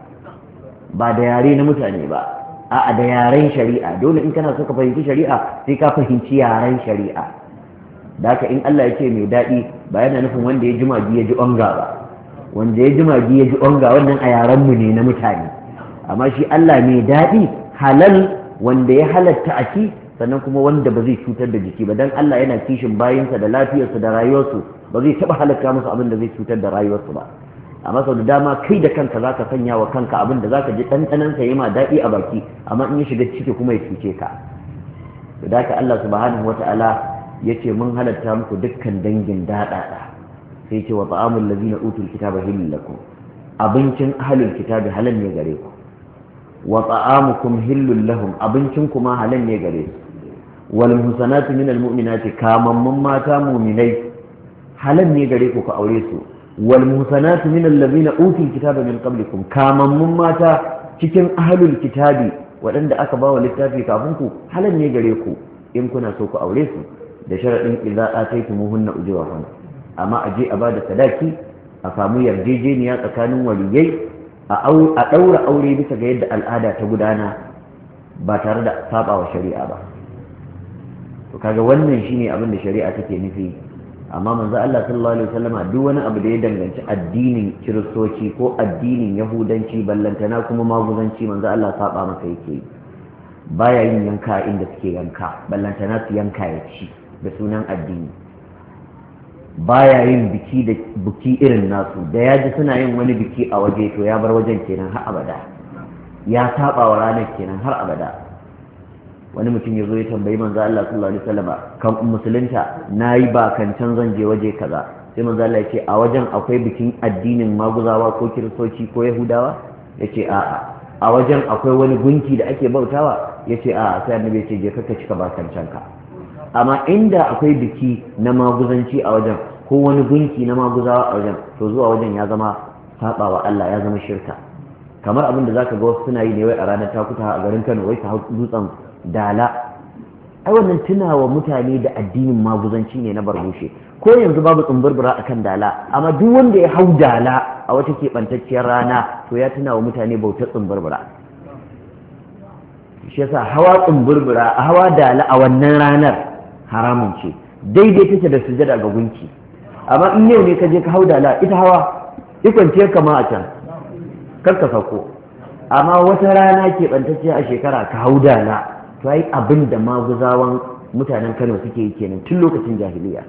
ba da yare na mutane ba a'a da yaren shari'a dole in kana so ka fahimci shari'a sai ka fahimci yaren shari'a da haka in Allah ya ce mai daɗi ba yana nufin wanda ya ji magi ya ji onga ba wanda ya ji magi ya ji onga wannan a yaren mu ne na mutane amma shi Allah mai daɗi halal wanda ya halatta a ci sannan kuma wanda ba zai cutar da jiki ba dan Allah yana kishin bayinsa da lafiyarsu da rayuwarsu ba zai taɓa halatta musu abin da zai cutar da rayuwarsu ba amma sau da dama kai da kanka za ka sanya wa kanka abin da za ka ji ɗanɗanan sa yi ma daɗi a baki amma in ya shiga ciki kuma ya cuce ka to da ka Allah subhanahu wata'ala ya ce mun halatta muku dukkan dangin daɗaɗa sai ce wa ta'amul na utul kitaba hilin lakum abincin ahlul kitabi halal ne gare ku wa ta'amukum hillul lahum abincin kuma halal ne gare ku wal muhsanatu minal mu'minati kamammun mata mu'minai halal ne gare ku ka aure su wal musanatu min allazina utul min qablikum kamammun mata cikin ahlul kitabi waɗanda aka bawa littafi kafin ku halan ne gare ku in kuna so ku aure su da sharadin idza muhunna ujurahunna amma a je a bada sadaki a samu yarjejeniya tsakanin waliyai a ɗaura aure bisa ga yadda al'ada ta gudana ba tare da saba wa shari'a ba to kaga wannan shine abin da shari'a take nufi amma manzo Allah sallallahu alaihi wasallam duk wani abu da ya danganci addinin kiristoci ko addinin yahudanci ballantana kuma maguzanci manzo Allah saba maka yake baya yin yanka inda suke yanka ballantana su yanka ya ci da sunan addini baya yin biki da buki irin nasu da ya ji suna yin wani biki a waje to ya bar wajen kenan har abada ya saba wa ranar kenan har abada wani mutum ya zo ya tambayi manzo Allah sallallahu alaihi wasallam kan musulunta nayi ba kan can zan je waje kaza sai manzo Allah yake a wajen akwai bikin addinin maguzawa ko kiristoci ko yahudawa yace a'a a wajen akwai wani gunki da ake bautawa yace a'a sai annabi yace je kaka cika ba kan can ka amma inda akwai biki na maguzanci a wajen ko wani gunki na maguzawa a wajen to zuwa wajen ya zama sabawa Allah ya zama shirka kamar abin da zaka ga wasu suna yi ne wai a ranar takuta a garin Kano wai ka hau dutsen dala ai wannan wa mutane da addinin maguzanci ne na barbushe ko yanzu babu tsumburbura kan dala amma duk wanda ya hau dala a wata keɓantacciyar rana to ya tuna wa mutane bautar tsumburbura shi yasa hawa tsumburbura a hawa dala a wannan ranar haramun ce daidai take da sujada ga gunki amma in yau ne ka je ka hau dala ita hawa ce kama a can kar ka sako amma wata rana keɓantacciya a shekara ka hau dala ta yi abin da maguzawan mutanen Kano suke yi kenan tun lokacin jahiliya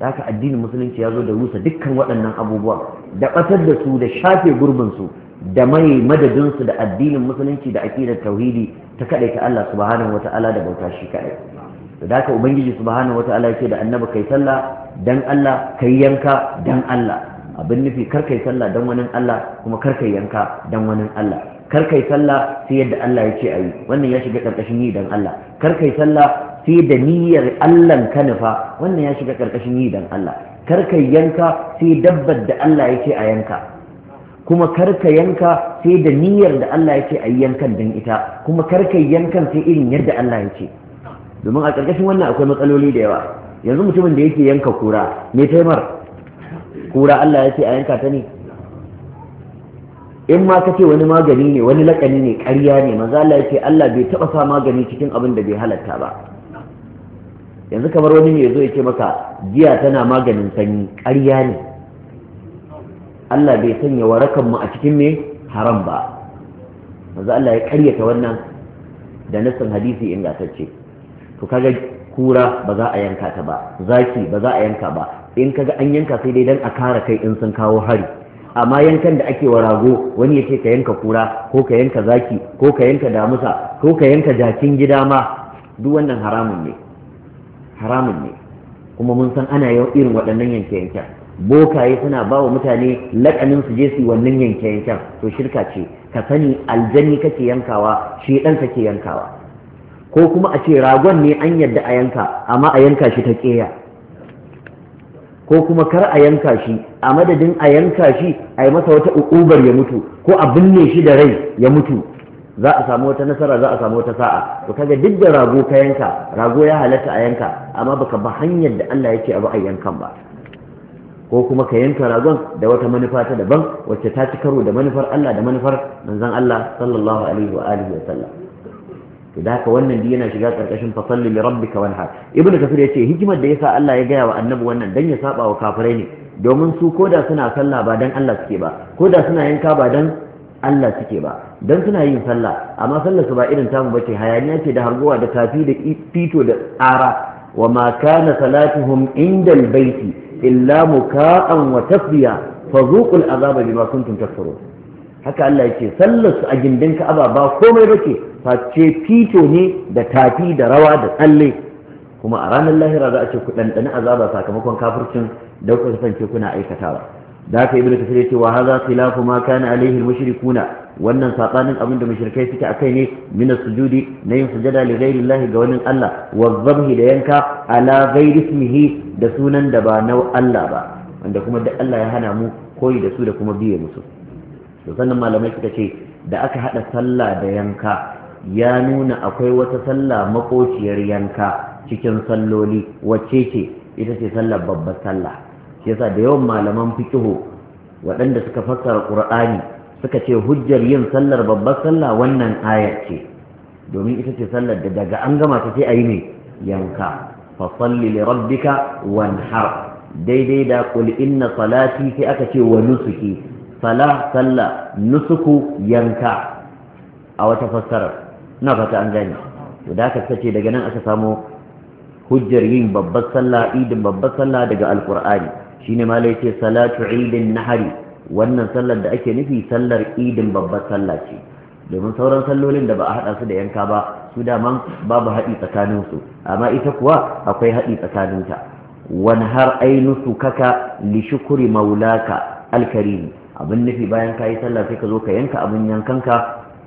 Da haka addinin musulunci ya zo da rusa dukkan waɗannan abubuwa da ɓatar da su da shafe gurbin su da mai madadinsu da addinin musulunci da aƙidar tauhidi ta kaɗai ta Allah subhanahu wata'ala da bauta shi kaɗai da haka ubangiji subhanahu wata'ala yake da annabi kai sallah dan Allah kai yanka dan Allah abin nufi kar kai sallah dan wani Allah kuma kar kai yanka dan wani Allah kar kai sallah sai yadda Allah ya ce a yi wannan ya shiga karkashin yi dan Allah kar kai sallah sai da niyyar Allah ka nufa wannan ya shiga karkashin yi dan Allah kar kai yanka sai dabbar da Allah ya ce a yanka kuma kar ka yanka sai da niyyar da Allah ya ce a yi yankan dan ita kuma kar kai yankan sai irin yadda Allah ya ce domin a karkashin wannan akwai matsaloli da yawa yanzu mutumin da yake yanka kura me taimar kura Allah ya ce a yanka ta ne in ma kace wani magani ne wani lakani ne ƙarya ne maza Allah ce Allah bai taɓa sa magani cikin abin da bai halatta ba yanzu kamar wani ne yazo ce maka giya tana maganin sanyi ƙarya ne Allah bai sanya warakan mu a cikin me haram ba maza Allah ya ƙaryata wannan da nassin hadisi ingantacce to kaga kura ba za a yanka ta ba zaki ba za a yanka ba in kaga an yanka sai dai dan a kare kai in sun kawo hari amma yankan da ake wa rago wani ya ce ka yanka kura ko ka yanka zaki ko ka yanka damusa ko ka yanka jakin gida ma duk wannan haramun ne haramun ne kuma mun san ana yau irin waɗannan yanke yanken bokaye suna ba wa mutane laƙanin su je su wannan yanke yanken to shirka ce ka sani aljani kake yankawa shi ɗan kake yankawa ko kuma a ce ragon ne an yadda a yanka amma a yanka shi ta ƙeya ko kuma kar a yanka shi a madadin a yanka shi a yi masa wata uƙubar ya mutu ko a binne shi da rai ya mutu za a samu wata nasara za a samu wata sa'a to kaga duk da rago ka yanka rago ya halatta a yanka amma baka ba hanyar da Allah yake abu a yankan ba ko kuma ka yanka ragon da wata manufa ta daban wacce ta ci karo da manufar Allah da manufar manzon Allah sallallahu alaihi wa alihi wa sallam to da haka wannan duk yana shiga karkashin fasalli li rabbika wanhar ibnu ya yace hikimar da yasa Allah ya gaya wa annabi wannan dan ya saba wa kafirai ne domin su koda suna sallah ba dan Allah suke ba koda suna yanka ba dan Allah suke ba dan suna yin sallah amma sallar su ba irin tamu bace hayaniya ce da hargowa da tafi da fito da tsara wa ma kana salatuhum indal baiti illa muka'an wa tasbiya fazuqul azaba bima kuntum takfurun haka Allah yake sallar su a gindin Ka'aba ba komai bace face fito ne da tafi da rawa da tsalle kuma a ranar lahira za a ce ku ɗanɗani azaba sakamakon kafircin da kuka kasance kuna aikatawa da haka ibnu kasir yace wa hadha khilafu ma kana alaihi al-mushrikuna wannan saɓanin abin da mushrikai suke akai ne min sujudi na yin sujada li ghairi Allah ga wani Allah wa da yanka ala ghairi ismihi da sunan da ba na Allah ba wanda kuma da Allah ya hana mu koyi da su da kuma biye musu to sannan malamai suka ce da aka hada sallah da yanka ya nuna akwai wata sallah makociyar yanka cikin salloli wacce ce ita ce sallar babbar sallah shi yasa da yawan malaman fiqhu waɗanda suka fassara qur'ani suka ce hujjar yin sallar babbar sallah wannan aya ce domin ita ce sallar da daga an gama ta sai a yi ne yanka fa salli li rabbika wanhar daidai da qul inna salati sai aka ce wa nusuki sala sallah nusuku yanka a wata fassarar na fata an gani to da aka sace daga nan aka samo hujjar yin babbar sallah idin babbar sallah daga alqur'ani shine ma ce salatu idin nahari wannan sallar da ake nufi sallar idin babbar sallah ce domin sauran sallolin da ba a haɗa su da yanka ba su dama babu haɗi tsakanin su amma ita kuwa akwai haɗi tsakanin ta wani har ainihu kaka li shukuri maulaka alkarimi abin nufi bayan ka yi sallah sai ka zo ka yanka abin yankanka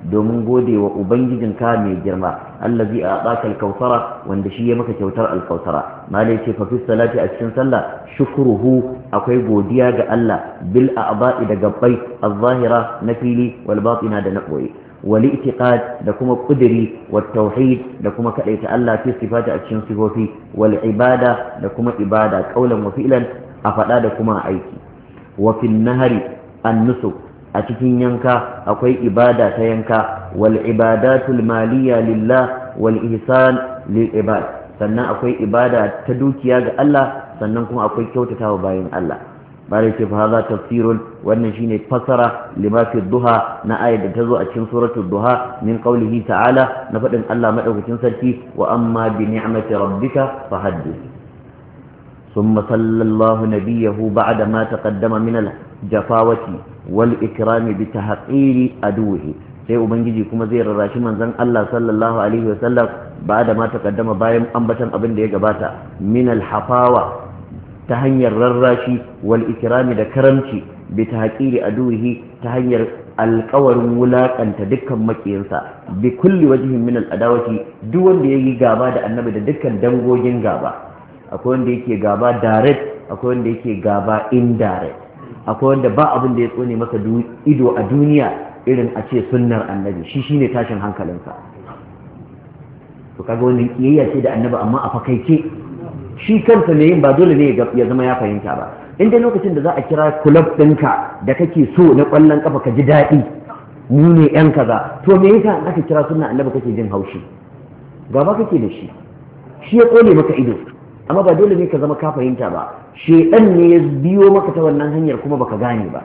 domin gode wa ubangijin ka mai girma zai a baka alkautara wanda shi ya maka kyautar alkautara malai ce fa salati a cikin sallah shukruhu akwai godiya ga Allah bil a'ba'i da gabbai az-zahira na fili wal batina da na koyi wal i'tiqad da kuma ƙudiri wat tauhid da kuma kadaita Allah fi sifati a cikin sifofi wal ibada da kuma ibada qaulan wa fi'lan a fada da kuma aiki wa fil nahari an-nusuk a cikin yanka akwai ibada ta yanka wal ibadatul maliya lillah wal ihsan lil ibad sannan akwai ibada ta dukiya ga Allah sannan kuma akwai kyautatawa bayan Allah bare ce fa hadha tafsirun wannan shine fasara lima fi duha na ayat da tazo a cikin suratul duha min qawlihi ta'ala na fadin Allah madaukakin sarki wa amma bi ni'mati rabbika fahaddith ثم صلى الله نبيه بعد ما تقدم من jafawati wal ikrami bi tahqiri aduhi sai ubangiji kuma zai rarrashi manzon Allah sallallahu alaihi sallam ba da ma takaddama bayan ambatan abin da ya gabata min al hafawa ta hanyar rarrashi wal ikrami da karamci bi tahqiri aduhi ta hanyar alkawarin wulakanta dukkan makiyinsa bi kulli wajhin min adawati duk wanda yayi gaba da annabi da dukkan dangogin gaba akwai wanda yake gaba direct akwai wanda yake gaba indirect akwai wanda ba abin da ya tsone maka ido a duniya irin a ce sunnar annabi shi shi ne tashin hankalinsa to kaga wani kiyayya ce da annabi amma a fakaice shi kansa ne yin ba dole ne ya zama ya fahimta ba in dai lokacin da za a kira kulab ɗinka da kake so na ƙwallon ƙafa ka ji daɗi mu ne yan kaza to me yasa aka kira sunna annabi kake jin haushi gaba kake da shi shi ya ƙone maka ido amma ba dole ne ka zama ka fahimta ba shedan ne ya biyo maka ta wannan hanyar kuma baka gane ba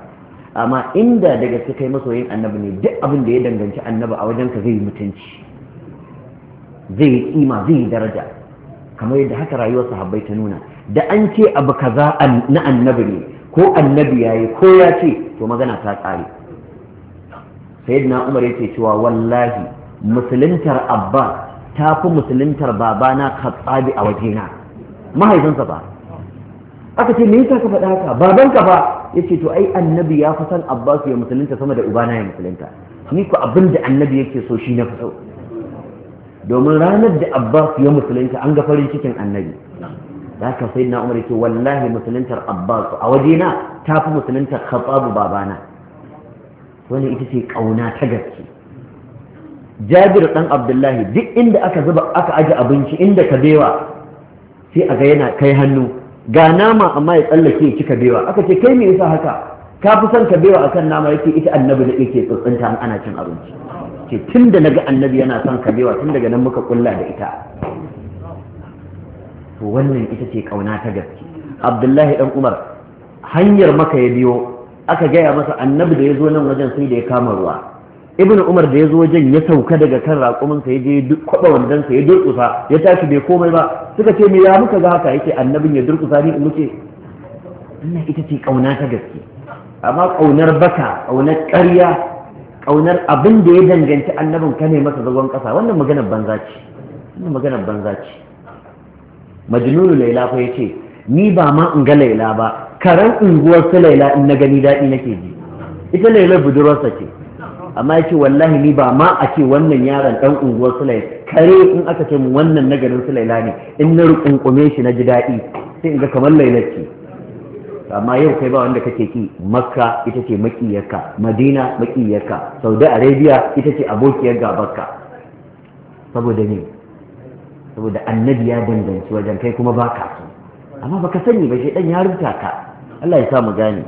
amma inda da gaske kai masoyin annabi ne duk abin da ya danganci annabi a wajen ka zai yi mutunci zai yi kima zai yi daraja kamar yadda haka rayuwar sahabbai ta nuna da an ce abu kaza na annabi ne ko annabi yayi ko ya ce to magana ta kare sayyidina umar yake cewa wallahi musuluntar abba ta fi musuluntar babana katsabi a wajena mahaifinsa ba aka ce me yasa ka faɗa haka babanka ba yace to ai annabi ya fi san Abbas ya musulunta sama da ubana ya musulunta ni ku abin da annabi yake so shi na fi so domin ranar da Abbas ya musulunta an ga farin cikin annabi haka sai na umar yake wallahi musuluntar Abbas a wajena ta fi musuluntar Khattab babana wani ita ce kauna ta gaske Jabir dan Abdullahi duk inda aka zuba aka aje abinci inda kabewa sai a ga yana kai hannu ga nama amma ya tsallake ya cika bewa aka ce kai me yasa haka ka fi son ka bewa akan nama yake ita annabi da yake tsuntsunta ana cin abinci Ke tun da naga annabi yana son ka bewa tun daga nan muka kulla da ita to wannan ita ce kauna ta gaske abdullahi dan umar hanyar maka ya biyo aka gaya masa annabi da ya zo nan wajen sai da ya kama ruwa Ibn umar da ya zo wajen ya sauka daga kan raƙuminsa ya je kwaɓa wandan ya durƙusa ya tashi bai komai ba suka ce me ya muka ga haka yake annabin ya durƙusa ni in muke wannan ita ce ƙauna ta gaske amma ƙaunar baka ƙaunar ƙarya ƙaunar abin da ya danganci annabin ka ne masa zagon ƙasa wannan maganar banza ce wannan maganar banza ce majnunu laila fa yace ni ba ma in ga laila ba karan unguwar su laila in na gani daɗi nake ji ita laila budurarsa ce amma yake wallahi ni ba ma a ce wannan yaron dan unguwar sulai kare in aka ce mu wannan na garin sulaila ne in na rukunkume shi na ji daɗi sai in ga kamar lailaci amma yau kai ba wanda kake ki makka ita ce makiyarka madina makiyarka saudi arabia ita ce abokiyar gabarka saboda ne saboda annabi ya danganci wajen kai kuma baka so amma baka sani ba shi dan ya rubuta ka Allah ya sa mu gane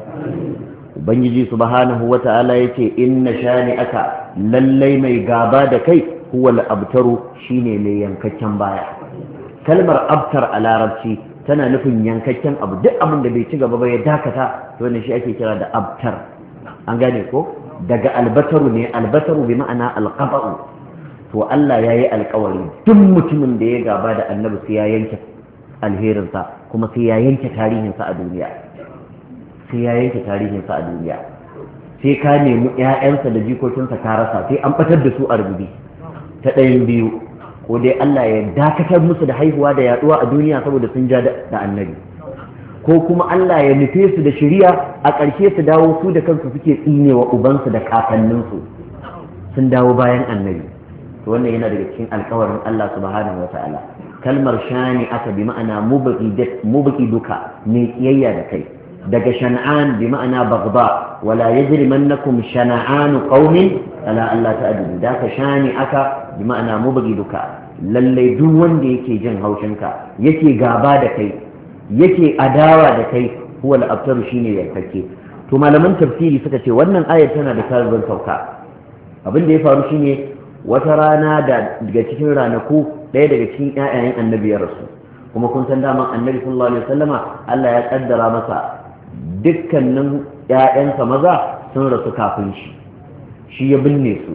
ubangiji subhanahu wata'ala yace inna aka. lallai mai gaba da kai huwal abtaru shine mai yankakken baya kalmar abtar a larabci tana nufin yankakken abu duk abin da bai ci gaba ba ya dakata to ne shi ake kira da abtar an gane ko daga albataru ne albataru bi ma'ana alqaba'u to Allah ya yi alkawari duk mutumin da ya gaba da annabi sai ya yanke alherinsa kuma sai ya yanke tarihinsa a duniya sai ya yanke tarihinsa a duniya sai ka nemi 'ya'yansa da jikokinsa ta rasa sai an batar da su a rububi ta ɗayan biyu ko dai Allah ya dakatar musu da haihuwa da yaduwa a duniya saboda sun ja da annabi ko kuma Allah ya nufe su da shiriya a ƙarshe su dawo su da kansu suke tsinewa ubansu da kakanninsu sun dawo bayan annabi to wannan yana daga cikin alƙawarin Allah subhanahu ta'ala. kalmar shani aka bi ma'ana mubaki duka ne kiyayya da kai daga shan'an bi ma'ana bagba wala yajrimannakum shana'an qaumin ala Allah ta'dilu da ka shani aka bi ma'ana duka. Lallai duk wanda yake jin haushinka yake gaba da kai yake adawa da kai huwa al-abtar shine yarkake to malaman tafsiri suka ce wannan ayar tana da tarihin sauka abin da ya faru shine wata rana daga cikin ranaku ɗaya daga cikin ƴaƴayen annabi ya rasu kuma kun san daman annabi sallallahu alaihi wasallama Allah ya kaddara masa dukkanin ‘ya'yansa maza sun rasu kafin shi shi ya binne su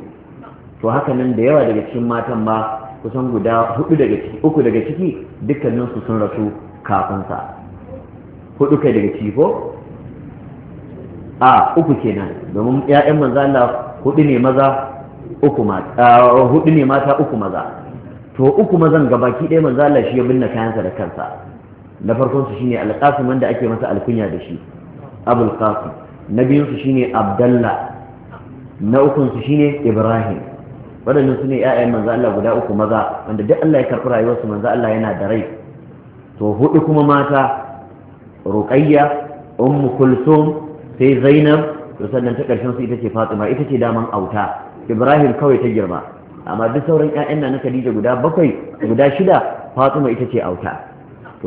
to haka nan da yawa daga cikin matan ma kusan guda hudu daga ciki uku daga ciki dukkaninsu sun rasu kafin sa hudu kai daga ciki ko a uku kenan domin ‘ya'yan manzo Allah hudu ne maza uku mata hudu ne mata uku maza to uku mazan gabaki ɗaya manzo Allah shi ya binne kayansa da kansa na farkon su shine alqasim wanda ake masa alkunya da shi abul qasim na biyun su shine abdallah na ukun su shine ibrahim waɗannan su ne ƴaƴan manzo Allah guda uku maza wanda duk Allah ya karɓi rayuwarsu manzo Allah yana da rai to hudu kuma mata ruqayya ummu kulsum sai zainab to sannan ta ƙarshen su ita ce fatima ita ce daman auta ibrahim kawai ta girma amma duk sauran ƴaƴan na Khadija guda bakwai guda shida fatima ita ce auta to duk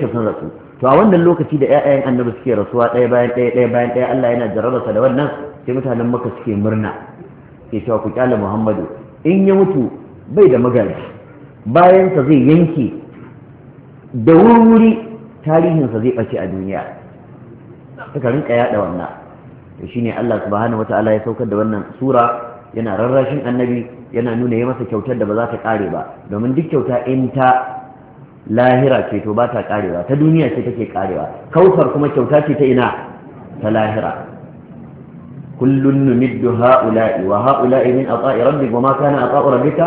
ta sun rasu to a wannan lokaci da ƴaƴan annabi suke rasuwa ɗaya bayan ɗaya ɗaya bayan ɗaya Allah yana jarraba da wannan sai mutanen maka suke murna ke cewa ku kyale Muhammadu in ya mutu bai da magaji bayansa zai yanke da wuri tarihinsa zai bace a duniya suka rinka yaɗa wannan to shine Allah subhanahu wataala ya saukar da wannan sura yana rarrashin annabi yana nuna ya masa kyautar da ba za ta kare ba domin duk kyauta in ta lahira ce to ba ta karewa ta duniya ce take karewa kautsar kuma kyauta ce ta ina ta lahira kullun numiddu ha'ula'i wa ha'ula'i min ata'i rabbik wa ma kana ata'u rabbika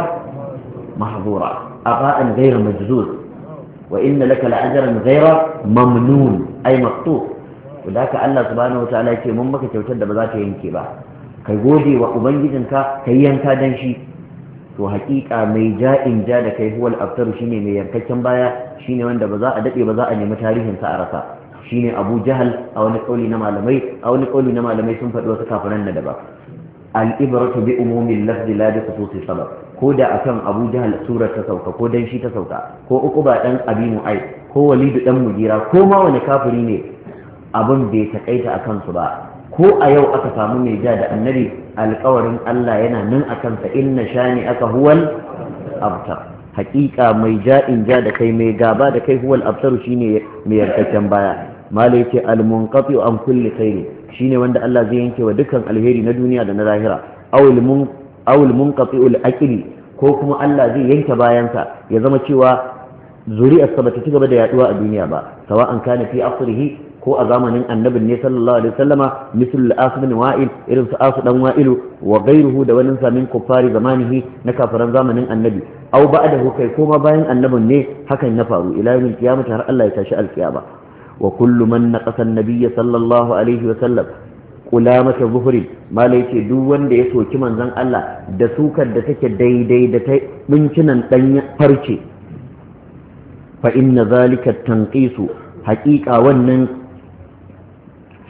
mahzura ata'an ghayra majzuz wa inna laka la'ajran ghayra mamnun ay maqtu wadaka Allah subhanahu wa ta'ala yake mun maka kyautar da ba za ta yanke ba kai gode wa ubangijinka kai yanka dan shi to haƙiƙa mai ja'in ja da kai huwal aftar shine mai yankakken baya shine wanda ba za a dade ba za a nemi tarihin sa a rasa shine Abu Jahal a wani kauli na malamai a wani kauli na malamai sun faɗi wasu kafiran da daban al-ibratu bi umumi lafzi la bi khususi sabab ko da akan Abu Jahal surar ta sauka ko dan shi ta sauka ko uku ba dan Abi ai ko Walidu dan Mugira ko ma wani kafiri ne abin bai takaita akan su ba ko a yau aka samu mai ja da annabi alkawarin Allah yana nan a kansa inna shani aka huwal abtar haƙiƙa mai ja in ja da kai mai gaba da kai huwal abtar ne mai yarkakken baya mala yake almunqati an kulli khairi shine wanda Allah zai yanke wa dukkan alheri na duniya da na lahira awil mun awil ko kuma Allah zai yanke bayansa ya zama cewa zuri'arsa ta ci gaba da yaduwa a duniya ba an kana fi asrihi ko a zamanin annabin ne sallallahu alaihi wasallama misal al bin wa'il irin su asu dan wa'ilu wa ghayruhu da wani samin kuffari zamanihi na kafaran zamanin annabi Auba ba'dahu kai ko ma bayan annabin ne hakan ya faru ila yawmin qiyamah har Allah ya tashi al-qiyama wa kullu man naqasa an-nabiy sallallahu alaihi wasallam kulama ta zuhuri mala yace duk wanda ya soki manzon Allah da sukar da take daidai da ta bincinan dan farce fa inna zalika tanqisu Haƙiƙa wannan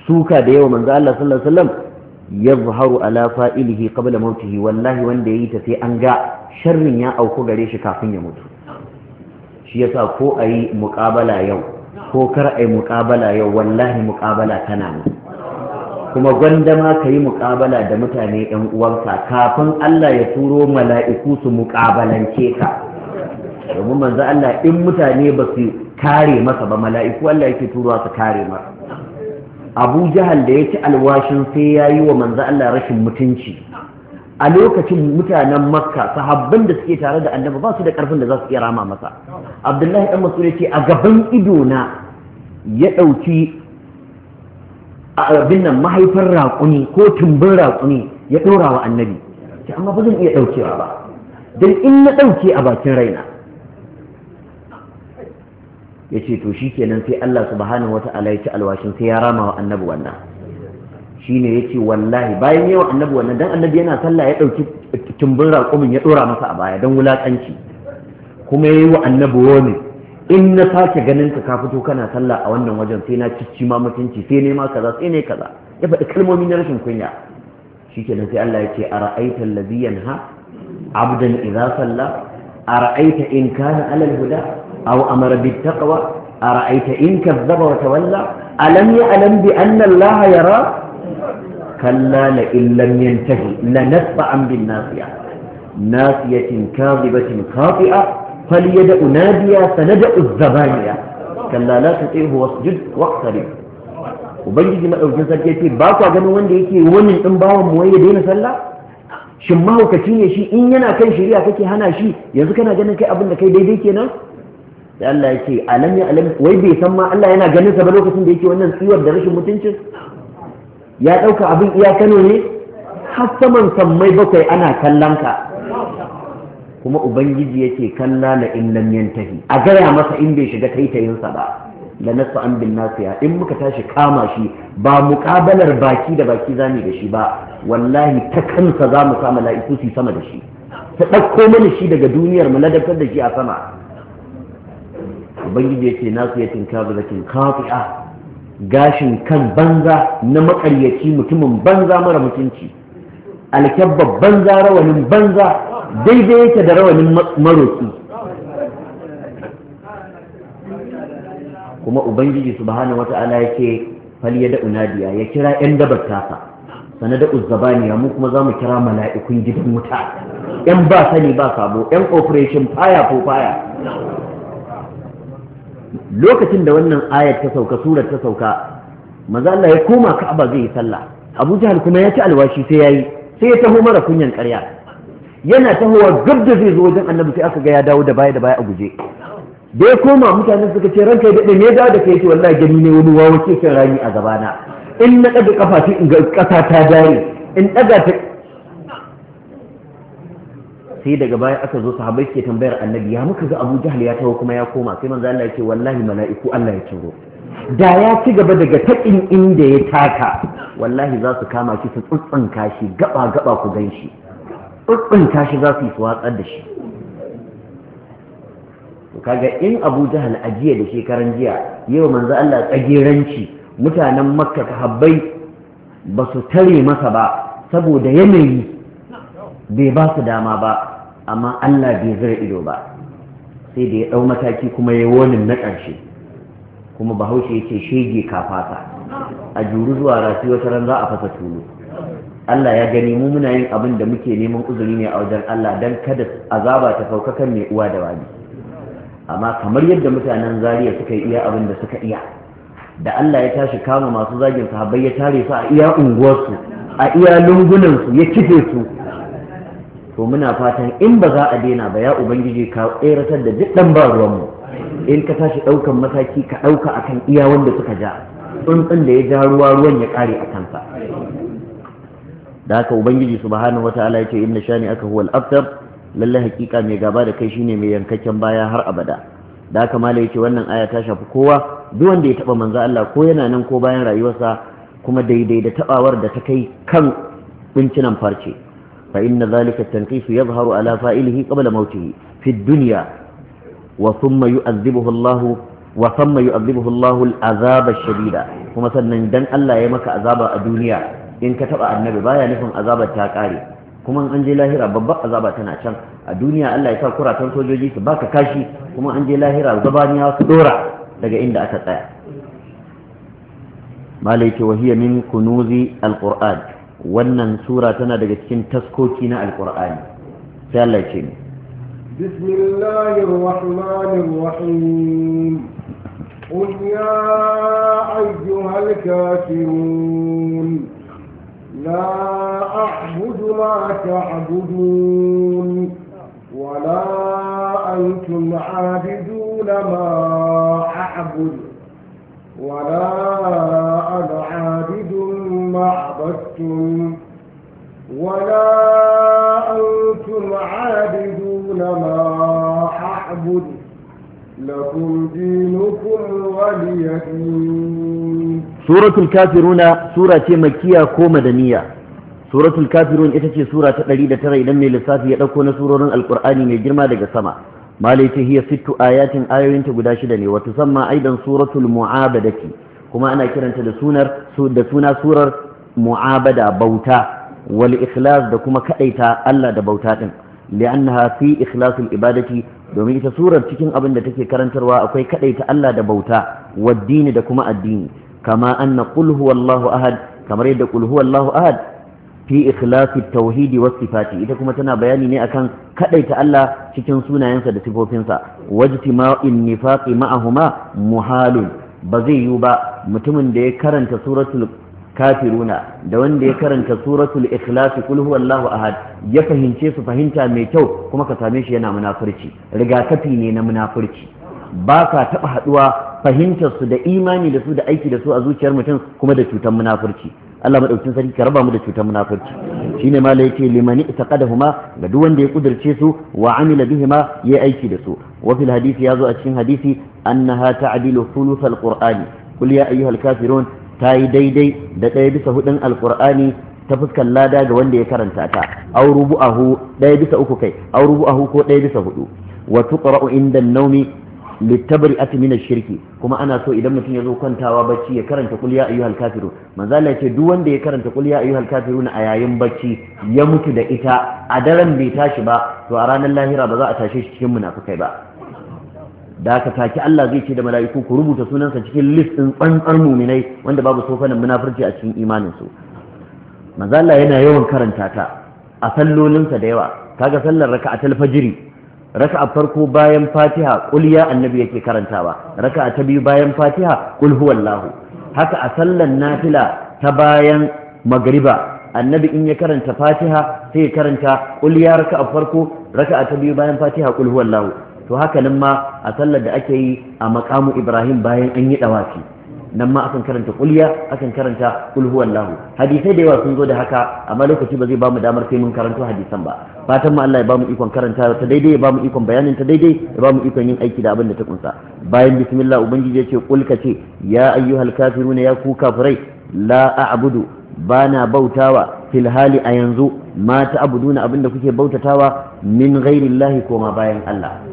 suka da yawa manzo Allah sallallahu alaihi wasallam yazharu ala fa'ilihi qabla mautihi wallahi wanda yayi ta sai an ga sharrin ya auku gare shi kafin ya mutu shi yasa ko ayi muqabala yau ko kar ayi muqabala yau wallahi muqabala tana ne kuma gwanda ma kayi muqabala da mutane ɗan uwanka kafin Allah ya turo mala'iku su muqabalance ka domin manzo Allah in mutane ba su kare masa ba mala'iku Allah yake turowa su kare masa abu jahal da ya ci alwashin sai ya yi wa manzo Allah rashin mutunci a lokacin mutanen makka sahabban da suke tare da annabi ba su da karfin da za su iya rama masa abdullahi dan mas'ud ce a gaban ido na ya ɗauki abin nan mahaifar raƙuni ko tumbin raƙuni ya ɗora wa annabi amma ba zan iya ɗaukewa ba don in na ɗauke a bakin raina ya ce to shi kenan sai Allah subhanahu wata'ala ya ci alwashin sai ya rama wa annabi wannan shi ne ya ce wallahi bayan yawan annabi wannan dan annabi yana sallah ya ɗauki tumbin raƙumin ya ɗora masa a baya don wulaƙanci kuma ya yi wa annabi wani in na sake ganin ka ka fito kana sallah a wannan wajen sai na cicci ma mutunci sai ne ma kaza sai ne kaza ya faɗi kalmomi na rashin kunya shi kenan sai Allah ya ce a ra'aita allazi yanha abdan idza Sallah, a ra'aita in kana alal huda أو أمر بالتقوى أرأيت إن كذب وتولى ألم يعلم بأن الله يرى كلا لئن لم ينتهي لنفعا بالناصية ناصية كاذبة خاطئة فليدأ ناديا سندأ الزبانية كلا لا تطيعه واسجد واقترب ubangiji madaukin sarki yace ba kwa ganin wanda yake wannan din bawan mu ya daina sallah shin mahaukaci ne shi in yana kan shari'a kake hana shi yanzu kana ganin kai abin da kai daidai kenan sai Allah ya ce alam ya alam wai bai san ma Allah yana ganin sa ba lokacin da yake wannan tsiwar da rashin mutuncin ya dauka abin iya Kano ne har saman sammai bakwai ana kallon ka kuma ubangiji yake kalla la in lam yantahi a gaya masa in bai shiga taitayin sa ba la nasu an bin nasiya in muka tashi kama shi ba muƙabalar baki da baki zamu da shi ba wallahi ta kansa za mu sa mala'iku su sama da shi ta ɗauko mana shi daga duniyar mu ladabtar da shi a sama ubangiji ya ce na yakin kaza zakin kafi'a gashin kan banza na makaryaci mutumin banza mara mutunci alkyabbar banza rawanin banza daidai yake da rawanin maroki kuma ubangiji subhanahu wata'ala yake fal ya unadiya ya kira yan dabar tasa sana da uzzabaniya mu kuma za mu kira mala'ikun gidan wuta yan ba sani ba sabo yan operation fire ko fire lokacin da wannan ayar ta sauka surar ta sauka maza Allah ya koma Ka'aba zai yi sallah Abu Jahal kuma ya ci alwashi sai yayi sai ya taho mara kunyan ƙarya yana tahowa gab da zai zo wajen Annabi sai aka ga ya dawo da baya da baya a guje da ya koma mutane suka ce ranka ya daɗe me ya dawo da kai ce wallahi gani ne wani wawa ke rami a gabana in na ɗaga kafa in ga ƙasa ta dare in ɗaga ta sai daga baya aka zo sahabbai suke tambayar annabi ya muka ga Abu Jahl ya tawo kuma ya koma sai manzo Allah yake wallahi mala'iku Allah ya turo da ya ci gaba daga takin inda ya taka wallahi za su kama shi su tsuntsun kashi gaba gaba ku gan shi tsuntsun kashi za su yi su watsar da shi kaga in Abu Jahl ajiya da shekaran jiya yau manzo Allah tsageranci mutanen Makka sahabbai ba su tare masa ba saboda yanayi bai ba su dama ba amma Allah bai zira ido ba sai da ya ɗau mataki kuma ya yi na ƙarshe kuma bahaushe ya ce shege kafata a juru zuwa rafi wata ran za a fasa tulu Allah ya gani mu muna yin abin da muke neman uzuri ne a wajen Allah don kada azaba ta sauka kan mai uwa da wani amma kamar yadda mutanen zariya suka yi iya abin da suka iya da Allah ya tashi kama masu zagin sahabbai ya tare su a iya unguwarsu a iya lungunansu ya kife su to muna fatan in ba za a daina ba ya ubangiji ka tseratar da duk ɗan ba ruwanmu in ka tashi ɗaukan mataki ka ɗauka akan iya wanda suka ja tsuntsun da ya ja ruwa ruwan ya ƙare a kansa da haka ubangiji subhanahu wataala yake inna shani aka huwal aftar lalle hakika mai gaba da kai shine mai yankakken baya har abada da haka malai yake wannan aya ta shafi kowa duk wanda ya taba manzo Allah ko yana nan ko bayan rayuwarsa kuma daidai da tabawar da ta kai kan bincinan farce فإن ذلك التنقيص يظهر على فائله قبل موته في الدنيا وثم يؤذبه الله وثم يؤذبه الله العذاب الشديد kuma sannan dan Allah ya maka azaba a duniya in ka taba annabi baya nufin azabar ta kare kuma an je lahira babbar azaba tana can a duniya Allah ya sa kuratan sojoji su baka kashi kuma an je lahira zabaniya su dora daga inda aka tsaya malaiki wa kunuzi alquran wannan sura tana daga cikin taskoki na alkur'ani sai Allah ya ce ne bismillahir rahmanir rahim qul ya ayyuhal kafirun la a'budu ma ta'budun ولا أنتم عابدون ما أعبد ولا أنا عابد ما عبدتم ولا أنتم عابدون ما أعبد لكم دينكم وليدين سورة الكافرون سورة مكية كومة دنيا سورة الكافرون ita ce sura ta tara idan mai lissafi ya ɗauko na surorin alqur'ani mai girma daga sama malai ce hiya sittu ayatin ayoyinta guda shida ne wata samma aidan suratul mu'abadati kuma ana kiranta da sunar da suna surar mu'abada bauta wal ikhlas da kuma kadaita Allah da bauta din li'annaha fi ikhlasil ibadati domin ita surar cikin abin da take karantarwa akwai kadaita Allah da bauta waddini da kuma addini kama anna qul huwallahu ahad kamar yadda qul huwallahu ahad fi ikhlasi tauhidi was sifati ita kuma tana bayani ne akan kadaita Allah cikin sunayensa da sifofinsa wajtima'in nifaqi ma'ahuma muhalun ba zai yiwu ba mutumin da ya karanta suratul kafiruna da wanda ya karanta suratul ikhlas kul huwallahu ahad ya fahimce su fahimta mai kyau kuma ka same shi yana munafurci rigakafi ne na munafurci ba ka taba haduwa fahimtar su da imani da su da aiki da su a zuciyar mutum kuma da cutar munafurci Allah madaukakin sarki ka raba mu da cutar munafurci shine ma la yace liman itaqadahuma ga duk wanda ya kudirce su wa amila bihima ya aiki da su wa fil hadisi yazo a cikin hadisi annaha ta'dilu thuluth alqur'ani qul ya ayyuhal kafirun ta yi daidai da ɗaya bisa hudun alqur'ani ta fuskar lada ga wanda ya karanta ta aw rubu'ahu ɗaya bisa uku kai aw rubu'ahu ko ɗaya bisa hudu wa tuqra'u inda an-nawmi litabri atmina shirki kuma ana so idan mutum ya zo kwantawa bacci ya karanta kulya ya ayyuhal kafiru manzo ya ce duk wanda ya karanta kul ya ayyuhal na a yayin bacci ya mutu da ita a daren bai tashi ba to a ranar lahira ba za a tashi shi cikin munafikai ba da aka taki Allah zai ce da mala'iku ku rubuta sunansa cikin list tsantsar muminai wanda babu sofanin munafurci a cikin imanin su manzo yana yawan karanta ta a sallolinsa da yawa kaga sallar raka'a fajiri Raka a farko bayan fatiha kuliya annabi yake karantawa a ta biyu bayan fatiha qul huwallahu haka a sallan nafila ta bayan magriba annabi in ya karanta fatiha sai ya karanta qul ya a farko a ta biyu bayan fatiha qul huwallahu to haka nan ma a sallar da ake yi a maƙamu ibrahim bayan an yi dawafi nan ma akan karanta kulya akan karanta kul huwallahu hadisai da yawa sun zo da haka amma lokaci ba zai bamu damar sai mun karanto hadisan ba fatan mu Allah ya bamu ikon karanta ta daidai ya bamu ikon bayanin ta daidai ya bamu ikon yin aiki da abin da ta kunsa bayan bismillah ubangiji ya ce kul ka ce ya ayyuhal kafirun ya ku kafirai la a'budu bana bautawa fil hali a yanzu ma ta abuduna abinda kuke bautatawa min ghairillahi koma bayan Allah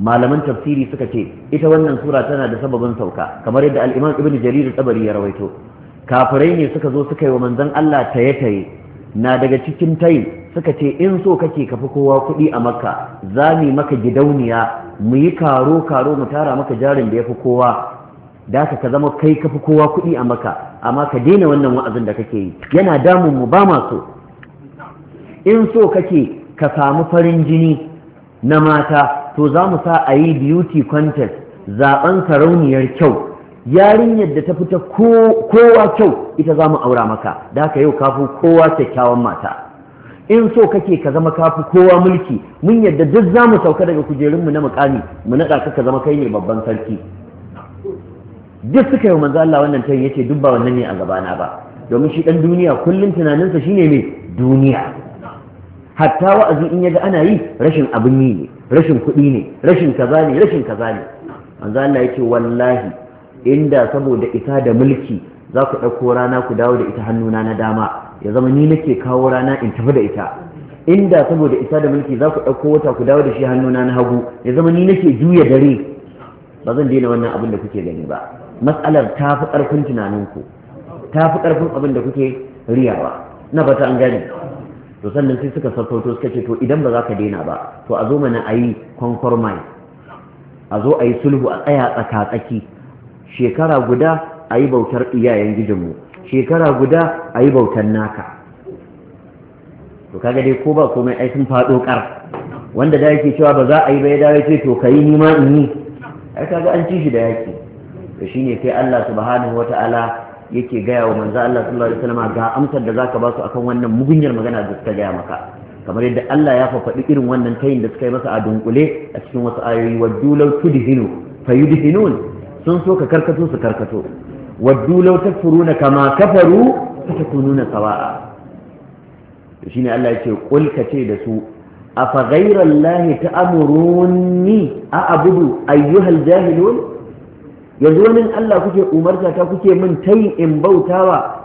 malaman tafsiri suka ce ita wannan sura tana da sababin sauka kamar yadda al-imam ibn jarir tabari ya rawaito kafirai ne suka zo suka yi wa manzon Allah taye taye na daga cikin tayi suka ce in so kake ka fi kowa kuɗi a makka za mu maka gidauniya mu yi karo karo mu tara maka jarin da ya fi kowa da ka ka zama kai ka fi kowa kuɗi a makka amma ka daina wannan wa'azin da kake yi yana damun mu ba ma so in so kake ka samu farin jini na mata to za mu sa a yi beauty contest zaben sarauniyar kyau yarinyar da ta fita kowa kyau ita za mu aura maka da haka yau kafu kowa kyakkyawan mata in so kake ka zama kafu kowa mulki mun yadda duk za mu sauka daga kujerunmu na mukami mu naɗa ka ka zama kai ne babban sarki duk suka yi manzo Allah wannan tayin yace duk ba wannan ne a gabana ba domin shi dan duniya kullun tunaninsa shine mai duniya hatta wa'azi in yaga ana yi rashin abin yi ne rashin kuɗi ne rashin kaza ne rashin kaza ne manzo Allah yake wallahi inda saboda ita da mulki za ku ɗauko rana ku dawo da ita hannuna na dama ya zama ni nake kawo rana in tafi da ita inda saboda isa da mulki za ku ɗauko wata ku dawo da shi hannuna na hagu ya zama ni nake juya dare ba zan daina wannan abin da kuke gani ba matsalar ta fi ƙarfin tunaninku ta fi ƙarfin abin da kuke riyawa na bata an gani. to sannan sai suka sassauto suka ce to idan ba za ka daina ba to a zo mana a yi compromise a zo a yi sulhu a tsaya tsakatsaki shekara guda a yi bautar iyayen gijinmu shekara guda a yi bautar naka to kaga dai ko ba komai ai sun faɗo ƙar wanda da yake cewa ba za a yi ba ya dawo ce to ka yi ni ma in yi ai kaga an ci shi da yaki to shine sai Allah subhanahu wata'ala yake gaya wa manzo Allah sallallahu alaihi wasallam ga amsar da zaka ba su akan wannan mugunyar magana da suka gaya maka kamar yadda Allah ya faɗi irin wannan tayin da suka yi masa a dunkule a cikin wasu ayoyi waddu law tudhinu fayudhinun sun so ka karkato su karkato waddu law takfuruna kama kafaru fatakununa sawa'a to shine Allah yake ka ce da su afa ghayra allahi ta'muruni a abudu ayyuhal jahilun yanzu wani Allah kuke umarta ta kuke min ta in bauta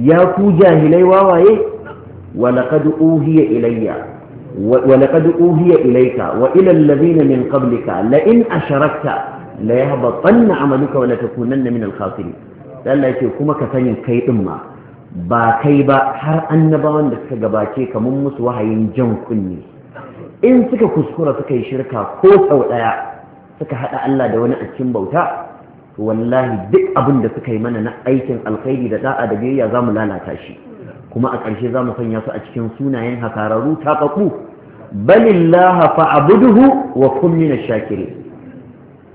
ya ku jahilai wawaye walaƙad uhiya ilayka wa ilal ladina min qablika la in asharakta la yahbatanna amaluka wa la takunanna min al khasirin Allah yake kuma ka sanin kai din ma ba kai ba har annabawan da suka gabace kamar musu wahayin jan kunne. in suka kuskura suka yi shirka ko sau daya suka haɗa Allah da wani a cikin bauta wallahi duk abin da suka yi mana na aikin alkhairi da da'a da biyayya za mu lalata shi kuma a ƙarshe za mu sanya su a cikin sunayen hasararru taƙaƙu balillaha fa'abuduhu wa kun min shakiri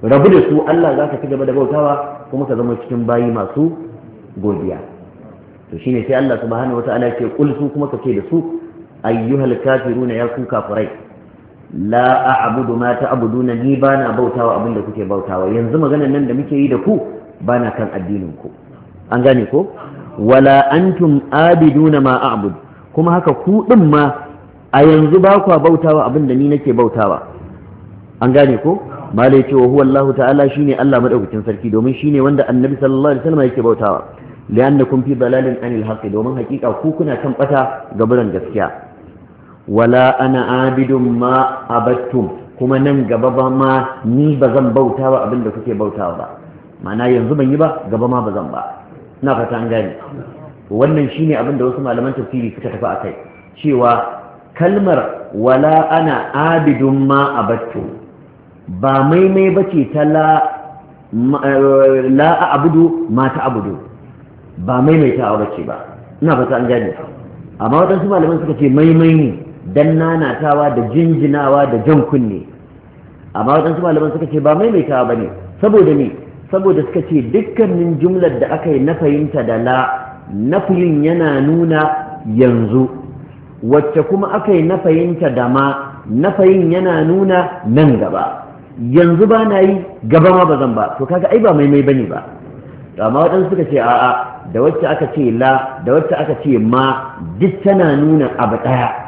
rabu da su Allah za ka ci gaba da bautawa kuma ka zama cikin bayi masu godiya to shine sai Allah subhanahu wata'ala ya ce kul su kuma ka ce da su ayyuhal kafiruna ya ku kafirai la a'budu ma ta'buduna ni bana bautawa abin da kuke bautawa yanzu maganar nan da muke yi da ku bana kan addinin ku an gane ko wala antum abiduna ma a'bud kuma haka ku din ma a yanzu ba kwa bautawa abinda ni nake bautawa an gane ko malai ce wa huwa Allah ta'ala shine Allah madaukakin sarki domin shine wanda annabi sallallahu alaihi wasallam yake bautawa li'annakum fi dalalin anil haqqi domin hakika ku kuna kan bata gaburan gaskiya wala ana abidun ma abattum kuma nan gaba ba ma ni ba zan bauta ba abinda kuke bautawa ba mana yanzu ban yi ba gaba ma ba zan ba ina fata an gane wannan shine abinda wasu malaman tafsiri suka tafi akai cewa kalmar wala ana abidun ma abattu ba maimai bace ta la la abudu ma ta abudu ba ta aure ce ba ina fata an gane amma waɗansu malaman suka ce maimai ne dan nanatawa da jinjinawa da jan kunne amma waɗansu malaman suka ce ba maimaitawa ba ne saboda ne saboda suka ce dukkanin jumlar da aka yi na fahimta da la nafiyin yana nuna yanzu wacce kuma aka yi na fahimta da ma nafayin yana nuna nan gaba yanzu ba na yi gaba ma ba zan ba to kaga ai ba maimai ba ne ba amma waɗansu suka ce a'a da wacce aka ce la da wacce aka ce ma duk tana nuna abu ɗaya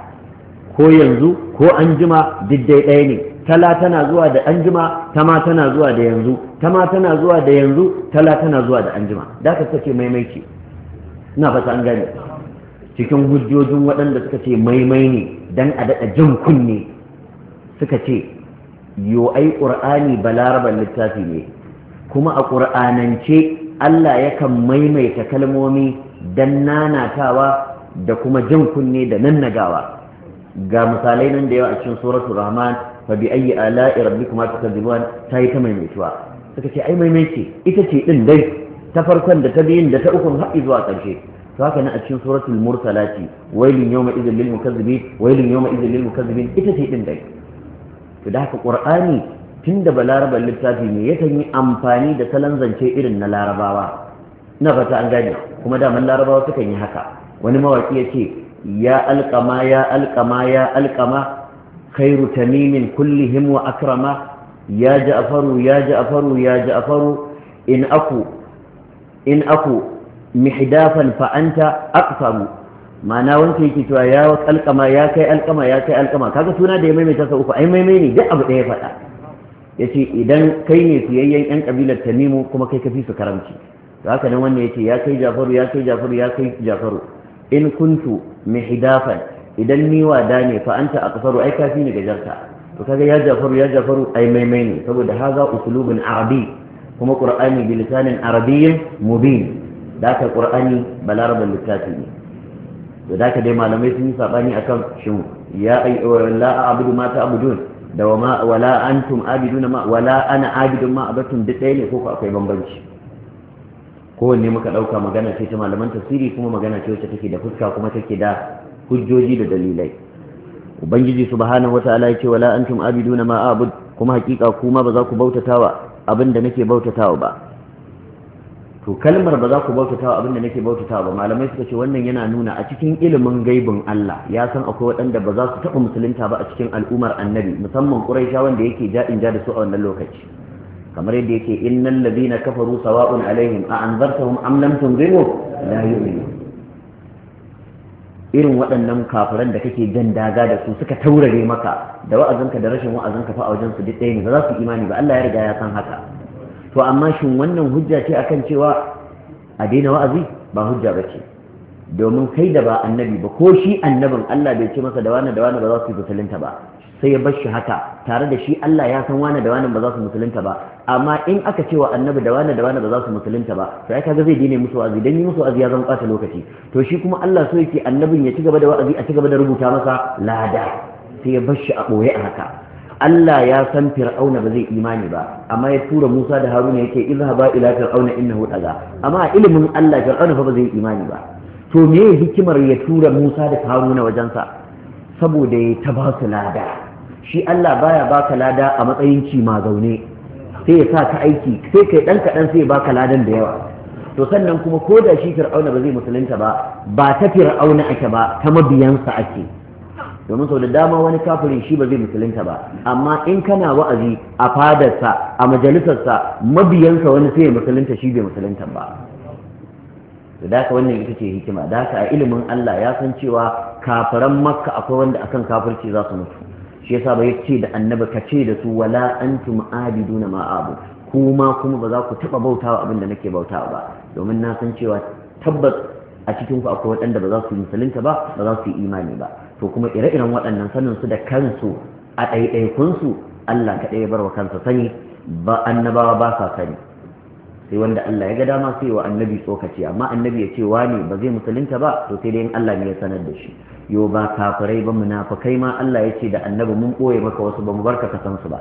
ko yanzu ko an jima duk ɗaya ne tala tana zuwa da an jima tama tana zuwa da yanzu tama tana zuwa da yanzu tala tana zuwa da an jima da ka suka ce ina fata an gane cikin hujjojin waɗanda suka ce maimai ne dan a daɗa jin kunne suka ce yo ai ƙur'ani balaraban littafi ne kuma a ƙur'anance Allah yakan maimaita kalmomi dan nanatawa da kuma jin kunne da nan nannagawa ga misalai nan da yawa a cikin suratul rahman fa bi ayyi ala'i rabbikuma tukadzibun ta yi ta maimaituwa suka ce ai maimaice ita ce din dai ta farkon da ta yin da ta ukun har zuwa ƙarshe to haka nan a cikin suratul mursalati wailun yawma idhil lil mukazzibin wailun yawma idhil lil mukazzibin ita ce din dai to da haka qur'ani tunda balarabar littafi ne yakan yi amfani da salon zance irin na larabawa na fata an gane kuma daman larabawa sukan yi haka wani mawaki ya ce ya alƙama ya alƙama ya alƙama khairu tamimin kullihim wa akrama ya ja'faru ya ja'faru ya ja'faru in aku in aku mihdafan fa anta aqsamu ma'ana wanda yake cewa ya alƙama ya kai alƙama ya kai alƙama kaga suna da ya maimaita sau uku ai maimai ne duk abu ɗaya faɗa yace idan kai ne fiyayyen yan kabilar tamimu kuma kai kafi su karamci haka nan wannan yace ya kai jafaru ya kai jafaru ya kai jafaru in kuntu mihdafan idan ni wada ne fa anta aqsaru ai kafi ne gajarta to kaga ya jafaru ya jafaru ai maimai ne saboda haza uslubun arabi kuma qur'ani bi lisanin arabiyyin mubin da ka qur'ani balaraban littafi ne to da ka dai malamai sun yi sabani akan shin ya ayyuhal la a'budu ma ta'budun da wa ma wala antum abiduna ma wala ana abidun ma abatun duk ɗaya ne ko akwai bambanci kowanne muka ɗauka magana ce ta malaman tafsiri kuma magana ce wacce take da fuska kuma take da hujjoji da dalilai ubangiji subhanahu wataala yace wala antum abiduna ma abud kuma hakika kuma ba za ku bautatawa abin da nake bautatawa ba to kalmar ba za ku bautatawa abin da nake bautatawa ba malamai suka ce wannan yana nuna a cikin ilimin gaibin Allah ya san akwai waɗanda ba za su taɓa musulunta ba a cikin al'ummar annabi musamman ƙuraisha wanda yake ja in ja da su a wannan lokaci kamar yadda yake innal ladina kafaru sawa'un alaihim a anzartahum am lam tunziru la yu'minu irin waɗannan kafiran da kake jan daga da su suka taurare maka da wa'azinka da rashin wa'azinka fa a wajen su duk ɗaya ne ba za su imani ba Allah ya riga ya san haka to amma shin wannan hujja ce akan cewa a daina wa'azi ba hujja ba ce domin kai da ba annabi ba ko shi annabin Allah bai ce masa da wani da wani ba za su yi musulunta ba sai ya bashi haka tare da shi Allah ya san wani da wani ba za su musulunta ba amma in aka ce wa annabi da wani da wani ba za su musulunta ba to ya kaga zai dine musu wa'azi dan yi musu wa'azi ya zan ɓata lokaci to shi kuma Allah so yake annabin ya ci gaba da wa'azi a ci gaba da rubuta masa lada sai ya bashi a boye a haka Allah ya san Fir'auna ba zai imani ba amma ya tura Musa da Haruna yake izhaba ila Fir'auna innahu daga amma ilimin Allah Fir'auna fa ba zai imani ba to me hikimar ya tura Musa da Haruna wajensa saboda ya ta basu lada shi Allah baya baka lada a matsayin cima zaune sai ya sa ka aiki sai kai dan kaɗan sai baka ladan da yawa to sannan kuma ko da shi fir'auna ba zai musulunta ba ba ta fir'auna ake ba ta mabiyansa ake domin sau da dama wani kafirin shi ba zai musulunta ba amma in kana wa'azi a fadarsa a majalisarsa mabiyansa wani sai ya musulunta shi bai musulunta ba da daka wannan ita ce hikima da haka a ilimin Allah ya san cewa kafiran makka akwai wanda akan kafirci za su mutu shi yasa ba ce da annabi ka ce da su wala antum abiduna ma abu kuma kuma ba za ku taba bautawa abin da nake bautawa ba domin na san cewa tabbas a cikin ku akwai waɗanda ba za su musulunta ba ba za su yi imani ba to kuma ire-iren waɗannan sanin su da kansu a ɗaiɗaikun su Allah kaɗai ya bar wa kansa sani ba annabawa ba sa sani sai wanda Allah ya ga dama sai wa annabi tsokaci amma annabi ya ce wani ba zai musulunta ba to sai dai in Allah ne ya sanar da shi yo ba kafirai ba munafikai ma Allah ya ce da annabi mun koye maka wasu ba mu barka ka san su ba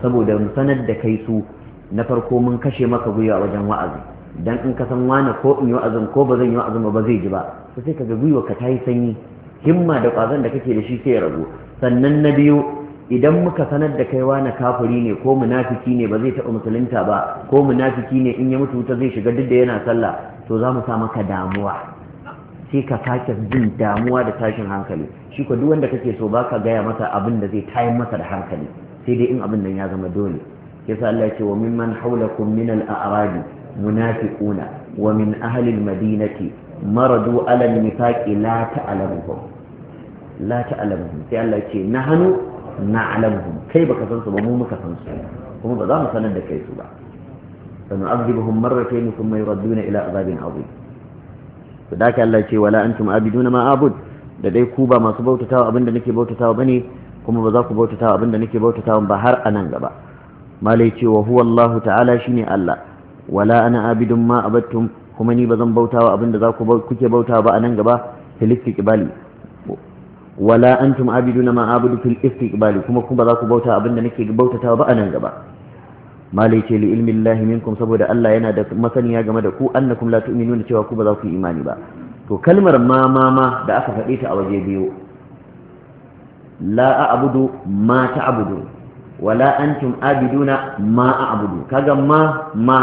saboda mu sanar da kai su na farko mun kashe maka gwiwa wajen wa'azi dan in ka san wani ko in yi wa'azin ko ba zan yi wa'azin ba zai ji ba to sai kaga gwiwa ka tayi sanyi himma da kwazon da kake da shi sai ya sannan na biyu idan muka sanar da kai wani kafiri ne ko munafiki ne ba zai taɓa musulunta ba ko munafiki ne in ya mutu wuta zai shiga duk da yana sallah to za mu sa maka damuwa sai ka sake jin damuwa da tashin hankali shi ko duk wanda kake so baka gaya masa abin da zai tayin masa da hankali sai dai in abin nan ya zama dole yasa Allah ya ce wa mimman haulakum min al-a'radi munafiquna wa min ahli al-madinati maradu ala an-nifaqi la ta'lamuhum la ta'lamuhum sai Allah ya ce nahnu na'lamuhum kai baka san su ba mu muka san su kuma ba za mu sanar da kai su ba sanu'adhibuhum marratayn thumma yuradduna ila azabin 'adhim to da ka Allah ce wala antum abidun ma abud da dai ku ba masu bautatawa abinda nake bautatawa bane kuma ba za ku bautatawa abinda nake bautatawa ba har anan gaba malai ce wa huwa Allah ta'ala shine Allah wala ana abidun ma abattum kuma ni ba zan bautawa abinda za ku kuke bautawa ba anan gaba fil istiqbali wala antum abiduna ma abudu fil istiqbali kuma ku ba za ku bauta abinda nake bautatawa ba anan gaba malai li ilmin lahi minkum saboda Allah yana da masaniya game da ku annakum la tu'minuna cewa ku ba za ku yi imani ba to kalmar ma ma ma da aka faɗe ta a waje biyu la a'budu ma ta'budu wa la antum abiduna ma a'budu kaga ma ma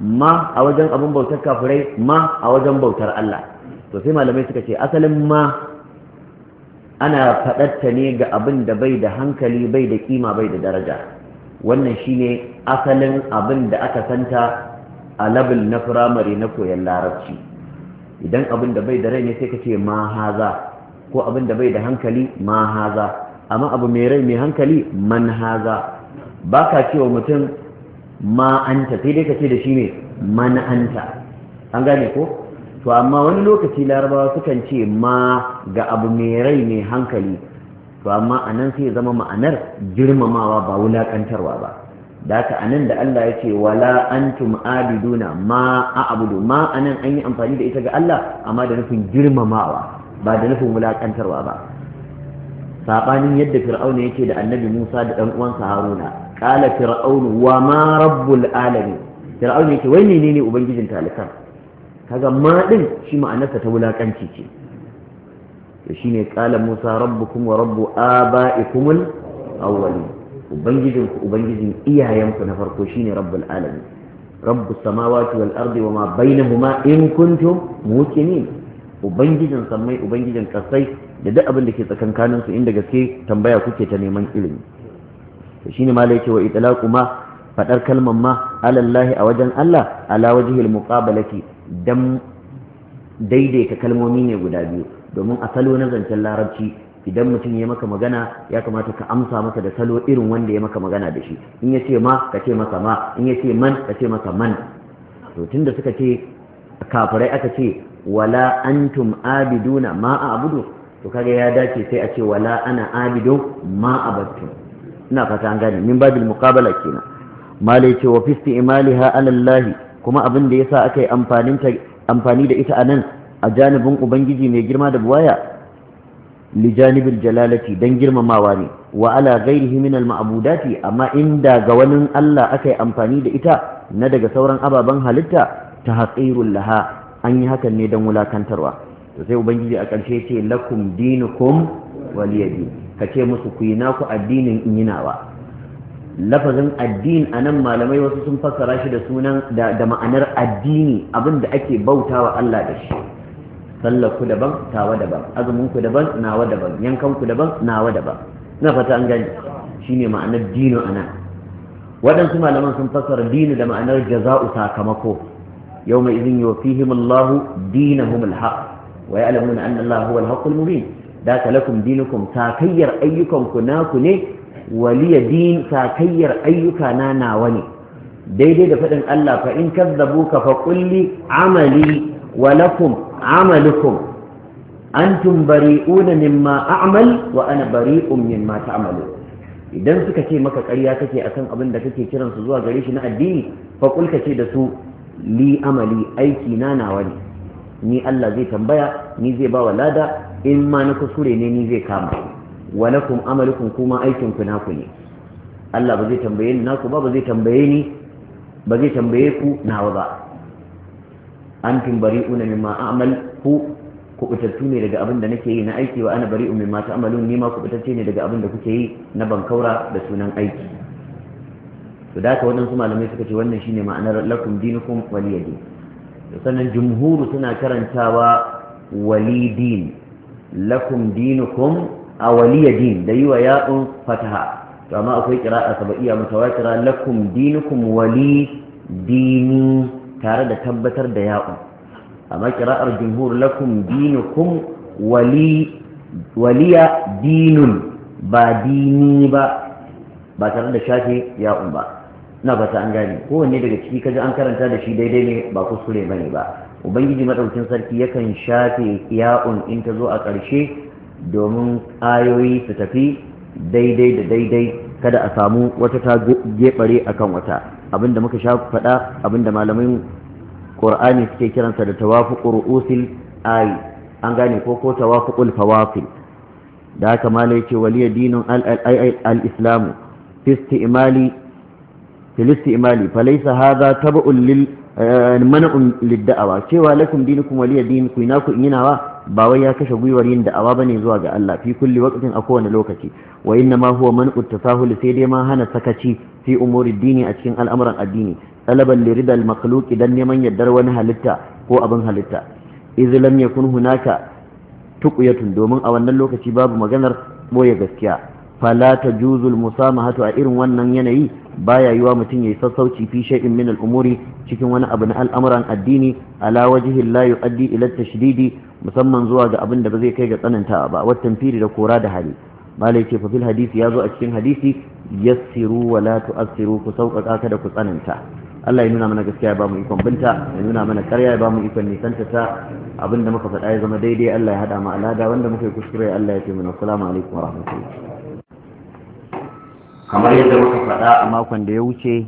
ma a wajen abun bautar kafirai ma a wajen bautar Allah to sai malamai suka ce asalin ma ana faɗatta ne ga abin da bai da hankali bai da kima bai da daraja wannan shine asalin abin da aka santa a labin na firamare na koyon larabci idan abin da bai da rai ne sai ka ce ma haza ko abin da bai da hankali ma haza amma abu mai rai mai hankali man haza ba ka cewa mutum ma sai dai ka ce da shi ne man an gane ko to amma wani lokaci larabawa sukan ce ma ga abu mai rai mai hankali to amma a nan sai zama ma'anar girmamawa ba wulaƙantarwa ba da haka anan da Allah ya ce wala antum abiduna ma a'budu ma anan an yi amfani da ita ga Allah amma da nufin girmamawa ba da nufin wulaƙantarwa ba sabanin yadda fir'auna yake da annabi Musa da ɗan uwansa Haruna qala fir'aunu wa ma rabbul alamin fir'auna yake wai menene ubangijin talikan kaga ma din shi ma'anarsa ta wulaƙanci ce da shine qala musa rabbukum wa rabbu abaikumul awwalin ubangijin ku ubangijin iyayenku na farko shine rabbul alamin rabbu samawati wal ardi wa ma bainahuma in kuntum muqinin ubangijin sammai ubangijin kasai da duk abin da ke tsakankanin su inda gaske tambaya kuke ta neman ilimi to shine ma yake wa itlaqu ma fadar kalmar ma alallahi a wajen Allah ala wajhil muqabalati dan daidaita kalmomi ne guda biyu domin a salo na zancen larabci idan mutum ya maka magana ya kamata ka amsa masa da salo irin wanda ya maka magana da shi in ya ce ma ka ce masa ma in ya ce man ka ce masa man to da suka ce kafirai aka ce wala antum abiduna ma a abudu to kaga ya dace sai a ce wala ana abidu ma abattum ina fata an gane min babil muqabala kenan malai ce wa fi isti'maliha ala kuma abin da yasa aka yi amfani da ita anan a janibin ubangiji mai girma da buwaya li janibil jalalati dan girmamawa ne wa ala ghairihi min al ma'budati amma inda ga wani Allah aka yi amfani da ita na daga sauran ababen halitta ta haqirul laha an yi hakan ne dan wulakantarwa to sai ubangiji a ƙarshe ce lakum dinukum waliyadi ka ce musu ku yi naku addinin in yi nawa lafazin addin a nan malamai wasu sun fassara shi da sunan da ma'anar addini abin da ake bautawa Allah da shi sallar ku daban tawa daban azumin ku daban nawa daban yankan ku daban nawa daban na fata an gani shine ma'anar dino ana waɗansu malaman sun fassara dinu da ma'anar jaza'u sakamako yau mai izin yau fihim Allah dinahum alhaq wa ya'lamuna anna Allah huwa alhaqul mubin da lakum dinukum sakayyar ayyukan ku naku ne waliya din sakayyar ayyuka na nawa ne daidai da faɗin Allah fa in kazzabuka fa amali wa amalukum antum bari'una mimma a'mal wa ana bari'un mimma ta'malu idan suka ce maka ƙarya kake akan abin da kake kiran su zuwa gare shi na addini fa kul ce da su li amali aiki na nawa ne ni Allah zai tambaya ni zai ba walada lada in ma na kuskure ne ni zai kama wa lakum amalukum kuma aikin ku naku ne Allah ba zai tambaye ni naku ba ba zai tambaye ni ba zai tambaye ku nawa ba antum bari'una mimma a'mal ku kubutattu ne daga abin da nake yi na aiki wa ana bari'u mimma ta'malun ni ma kubutacce ne daga abin da kuke yi na bankaura da sunan aiki to da ka waɗansu malamai suka ce wannan shine ma'anar lakum dinukum waliyadi sannan jumhuru suna karantawa walidin lakum dinukum a waliyadin da yi wa ya'un fataha to amma akwai kira'a saba'iya mutawatira lakum dinukum wali dini tare da tabbatar da ya'u amma kira'ar jumhur lakum dinukum wali waliya dinun ba dini ba ba tare da shafe ya'u ba na fata an gane kowanne daga ciki kaji an karanta da shi daidai ne ba kuskure bane ba ubangiji madaukin sarki yakan shafe ya'un in ta zo a ƙarshe domin ayoyi su tafi daidai da daidai kada a samu wata ta gebare akan wata abinda muka sha faɗa abinda malamin qur'ani suke kiransa da tawafuqur ru'usil ayi an gane ko ko tawafuqul fawafil da haka malai ce waliya dinin al-islamu istimali fil istimali falaysa hadha tab'un lil eh, man'un lid-da'awa cewa lakum dinukum waliya ina inaku inawa ba wai ya kashe gwiwar yin da'awa bane zuwa ga Allah fi kulli waqtin a kowane lokaci wa inna ma huwa man'u tasahul sai dai ma hana sakaci fi umuri dini a cikin al'amuran addini talaban lirida al-makhluq idan neman yardar wani halitta ko abin halitta iz lam yakun hunaka tuqyatun domin a wannan lokaci babu maganar boye gaskiya fala tajuzu al-musamahatu a irin wannan yanayi baya yiwa mutum yayi sassauci fi shay'in min al-umuri cikin wani abu na al'amuran addini ala wajhi la yu'addi ila tashdidi musamman zuwa ga abin da ba zai kai ga tsananta ba watan firi da kora da hali malai ce fa fil hadisi yazo a cikin hadisi yassiru wala tu'assiru ku sauƙaƙa kada ku tsananta Allah ya nuna mana gaskiya ya ba mu ikon binta ya nuna mana karya ya ba mu ikon nisanta ta abin da muka faɗa ya zama daidai Allah ya haɗa mu alada wanda muka yi kuskure Allah ya ce mana assalamu alaikum wa rahmatullahi kamar yadda muka faɗa a makon da ya wuce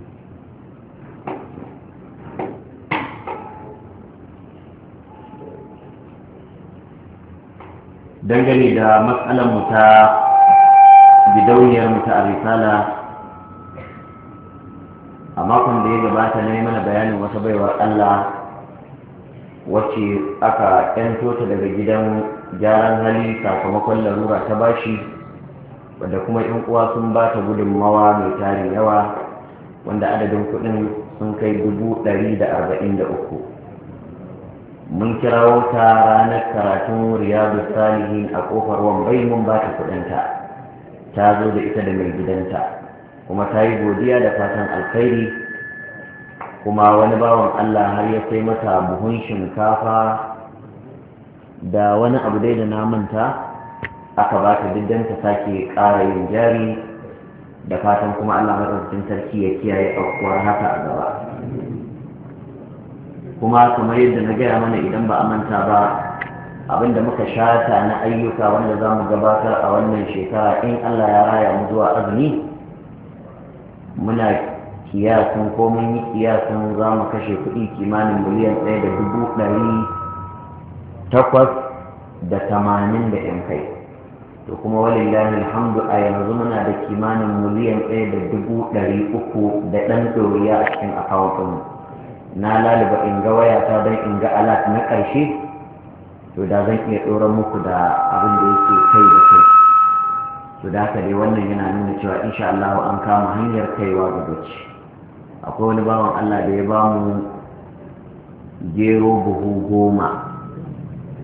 dangane da matsalar mu ta bidauniyar mu ta arisala makon da ya gabata na yi mana bayanin wata baiwar allah wacce aka yanto ta daga gidan gyaran hali sakamakon larura ta bashi wadda kuma yan uwa sun ba ta gudunmawa mai tarin yawa wanda adadin kuɗin sun kai dubu ɗari da arba'in da uku mun kirawo ta ranar karatun riyadu salihin a ƙofar wambai mun ba ta kuɗinta ta zo da ita da mai gidanta kuma ta yi godiya da fatan alkhairi kuma wani bawan Allah har ya sai mata buhun shinkafa da wani abu dai da na manta aka ba ta diddan ta sake ƙara yin jari da fatan kuma Allah madaukakin sarki ya kiyaye aukuwar haka a gaba kuma kamar yadda na gaya mana idan ba a manta ba abin da muka shata na ayyuka wanda za mu gabatar a wannan shekara in Allah ya raya mu zuwa azumi muna kiyasin ko mun yi kiyasin za mu kashe kuɗi kimanin miliyan ɗaya da dubu ɗari takwas da tamanin da yan kai to kuma walillahi alhamdu a yanzu muna da kimanin miliyan ɗaya da dubu ɗari uku da ɗan ɗoriya a cikin akawuntinmu na laliba in ga wayata don in ga alat na ƙarshe to da zan iya ɗora muku da abin da yake kai da su da dai wannan yana nuna cewa insha Allah an kama hanyar kaiwa ga gaci akwai wani bawan Allah da ya ba mu gero buhu goma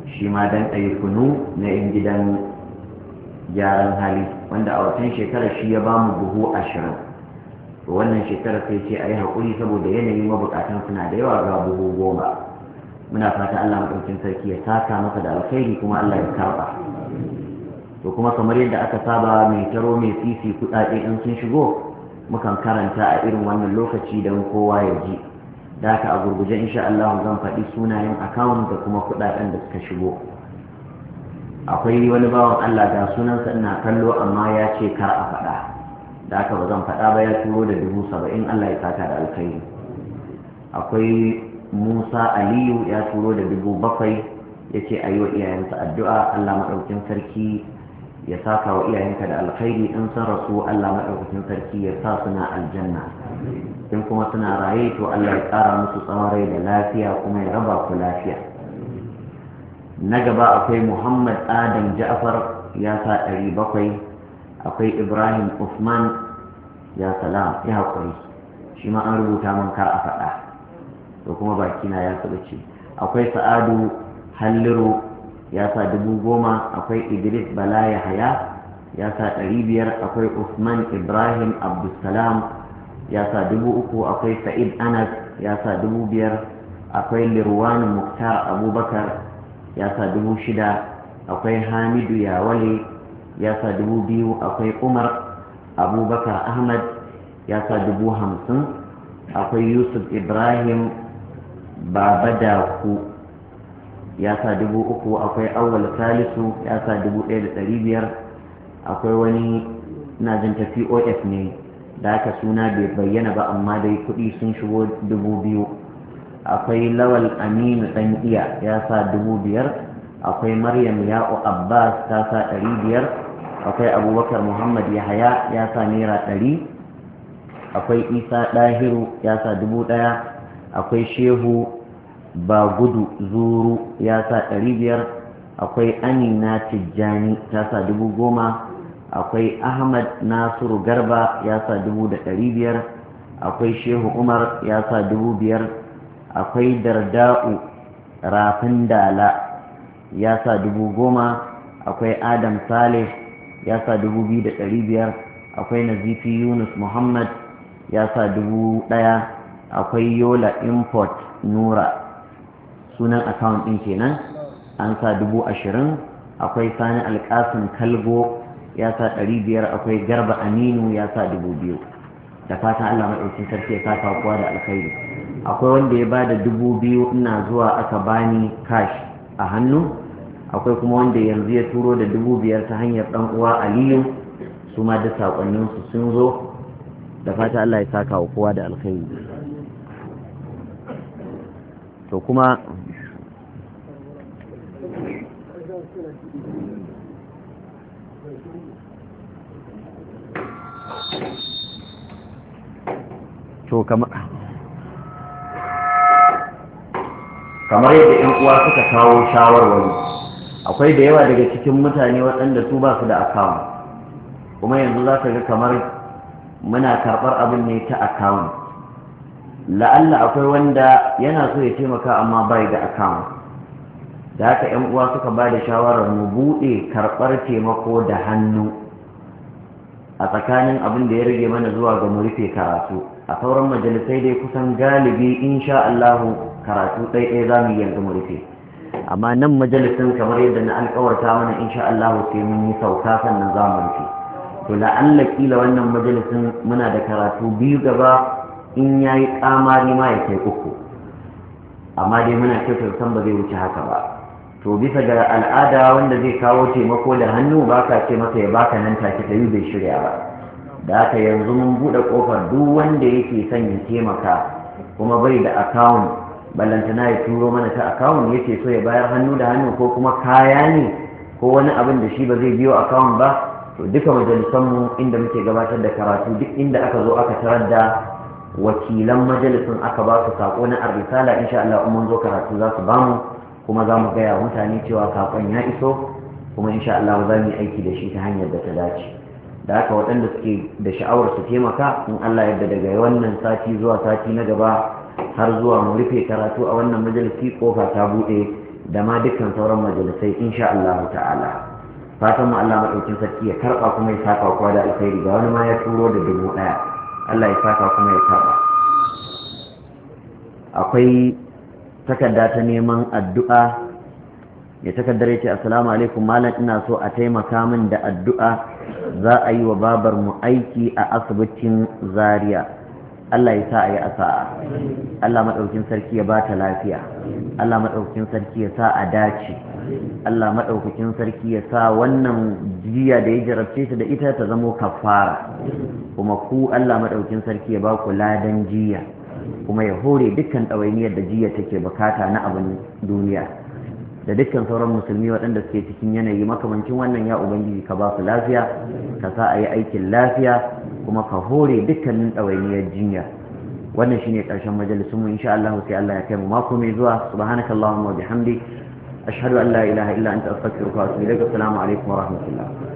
shi ma dan ɗaya kunu na yan gidan gyaran hali wanda a watan shekara shi ya ba mu buhu ashirin wannan shekarar sai ce a yi haƙuri saboda yanayin mabuƙatan suna da yawa ga buhu goma muna fata Allah maɗaukin sarki ya saka masa da alkhairi kuma Allah ya karɓa to kuma kamar yadda aka saba mai taro mai fifi kuɗaɗe in sun shigo mukan karanta a irin wannan lokaci don kowa ya ji da haka a gurguje insha Allah zan faɗi sunayen akawun da kuma kuɗaɗen da suka shigo akwai wani bawan Allah ga sunansa ina kallo amma ya ce kar a faɗa da ka ba zan faɗa ba ya turo da dubu saba'in Allah ya saka da alkhairi akwai Musa Aliyu ya turo da dubu bakwai ya ce a yi wa iyayensa addu'a Allah maɗaukin sarki ya saka wa iyayenka da alkhairi in sun rasu Allah maɗaukakin sarki ya sa suna aljanna in kuma suna raye to Allah ya ƙara musu tsawon rai da lafiya kuma ya raba ku lafiya na gaba akwai Muhammad Adam Ja'far ya sa ɗari bakwai akwai Ibrahim Usman ya salam ya haƙuri shi ma an rubuta min kar a faɗa to kuma bakina ya saba ce akwai Sa'adu Halliru ya sa dubu goma akwai idris bala yahaya ya sa ɗari biyar akwai usman ibrahim abdulsalam ya sa dubu uku akwai sa'id anas ya sa dubu biyar akwai lirwan muktar abubakar ya sa dubu shida akwai hamidu yawale ya sa dubu biyu akwai umar abubakar ahmad ya sa dubu hamsin akwai yusuf ibrahim baba da ku ya sa dubu uku akwai awal salisu ya sa dubu ɗaya da ɗari biyar akwai wani na janta pof ne da aka suna bai bayyana ba amma dai kuɗi sun shigo dubu biyu akwai lawal aminu ɗan iya ya sa dubu biyar akwai maryam ya'u abbas ta sa ɗari biyar akwai abubakar muhammad yahaya ya sa naira ɗari akwai isa ɗahiru ya sa dubu ɗaya akwai shehu ba gudu zuru ya sa ɗari biyar akwai amina tijjani ta sa dubu goma akwai ahmad nasiru garba ya sa dubu da ɗari biyar akwai shehu umar ya sa dubu biyar akwai darda'u rafin dala ya sa dubu goma akwai adam salih ya sa dubu biyu da ɗari biyar akwai nazifi yunus muhammad ya sa dubu ɗaya akwai yola import nura sunan account ɗin kenan an sa dubu ashirin akwai sani alkasin kalgo ya sa ɗari biyar akwai garba aminu ya sa dubu biyu da fatan allah maɗaukin sarki ya sa kowa da alkhairi akwai wanda ya ba da dubu biyu ina zuwa aka bani kash a hannu akwai kuma wanda yanzu ya turo da dubu biyar ta hanyar ɗan uwa aliyu su ma da saƙonninsu sun zo da fata allah ya sa kawo kowa da alkhairi to kuma to kamar kamar yadda yan uwa suka kawo shawarwari akwai da yawa daga cikin mutane waɗanda su ba su da akawun kuma yanzu za ka ga kamar muna karɓar abin ne ta akawun la'alla akwai wanda yana so ya taimaka amma bai da akawun da haka yan uwa suka ba da shawarar mu buɗe karɓar taimako da hannu a tsakanin abin da ya rage mana zuwa ga mu rufe karatu a sauran majalisai dai kusan galibi sha Allahu karatu ɗaya za mu yi yanzu mu rufe amma nan majalisin kamar yadda na alƙawarta mana sha Allahu sai mun yi sauka sannan za mu rufe to la'alla kila wannan majalisin muna da karatu biyu gaba in yayi kamari ma ya kai uku amma dai muna kyautar san ba zai wuce haka ba to bisa ga al'ada wanda zai kawo taimako da hannu baka ce masa ya baka nan take ta yi bai shirya ba da haka yanzu mun buɗe ƙofar duk wanda yake son ya taimaka kuma bai da akawun ballantana ya turo mana ta akawun yake so ya bayar hannu da hannu ko kuma kaya ne ko wani abin da shi ba zai biyo akawun ba to duka majalisanmu inda muke gabatar da karatu duk inda aka zo aka tarar da wakilan majalisun aka ba su saƙo na arisala insha Allah in mun zo karatu za su bamu kuma za mu gaya mutane cewa saƙon ya iso kuma insha Allah za mu yi aiki da shi ta hanyar da ta dace. da haka waɗanda suke da sha'awar su taimaka in Allah yadda daga wannan sati zuwa sati na gaba har zuwa mu rufe karatu a wannan majalisi kofa ta buɗe da ma dukkan sauran majalisai insha Allah ta'ala fatan mu Allah madaukin sarki ya karba kuma ya saka kuwa da alkhairi ga wani ma ya turo da dubu ɗaya Allah ya saka kuma ya karba akwai takarda ta neman addu'a ya takardar ya ce assalamu alaikum malam ina so a taimaka min da addu'a za a yi wa babar mu aiki a asibitin zaria Allah ya sa a yi asa'a Allah maɗaukin sarki ya ba ta lafiya Allah maɗaukin sarki ya sa a dace Allah maɗaukakin sarki ya sa wannan jiya da ya jarabce ta da ita ta zamo kafara kuma ku Allah maɗaukin sarki ya ba ku ladan jiya kuma ya hore dukkan ɗawainiyar da jiya take bukata na abin duniya da dukkan sauran musulmi waɗanda suke cikin yanayi makamancin wannan ya ubangiji ka ba su lafiya ka sa a yi aikin lafiya kuma ka hore dukkanin ɗawainiyar jinya wannan shine ƙarshen majalisun mu insha Allah sai Allah ya kai mu mako mai zuwa subhanakallahumma wa bihamdik ashhadu an la ilaha illa anta astaghfiruka wa atubu ilaik assalamu alaikum wa rahmatullah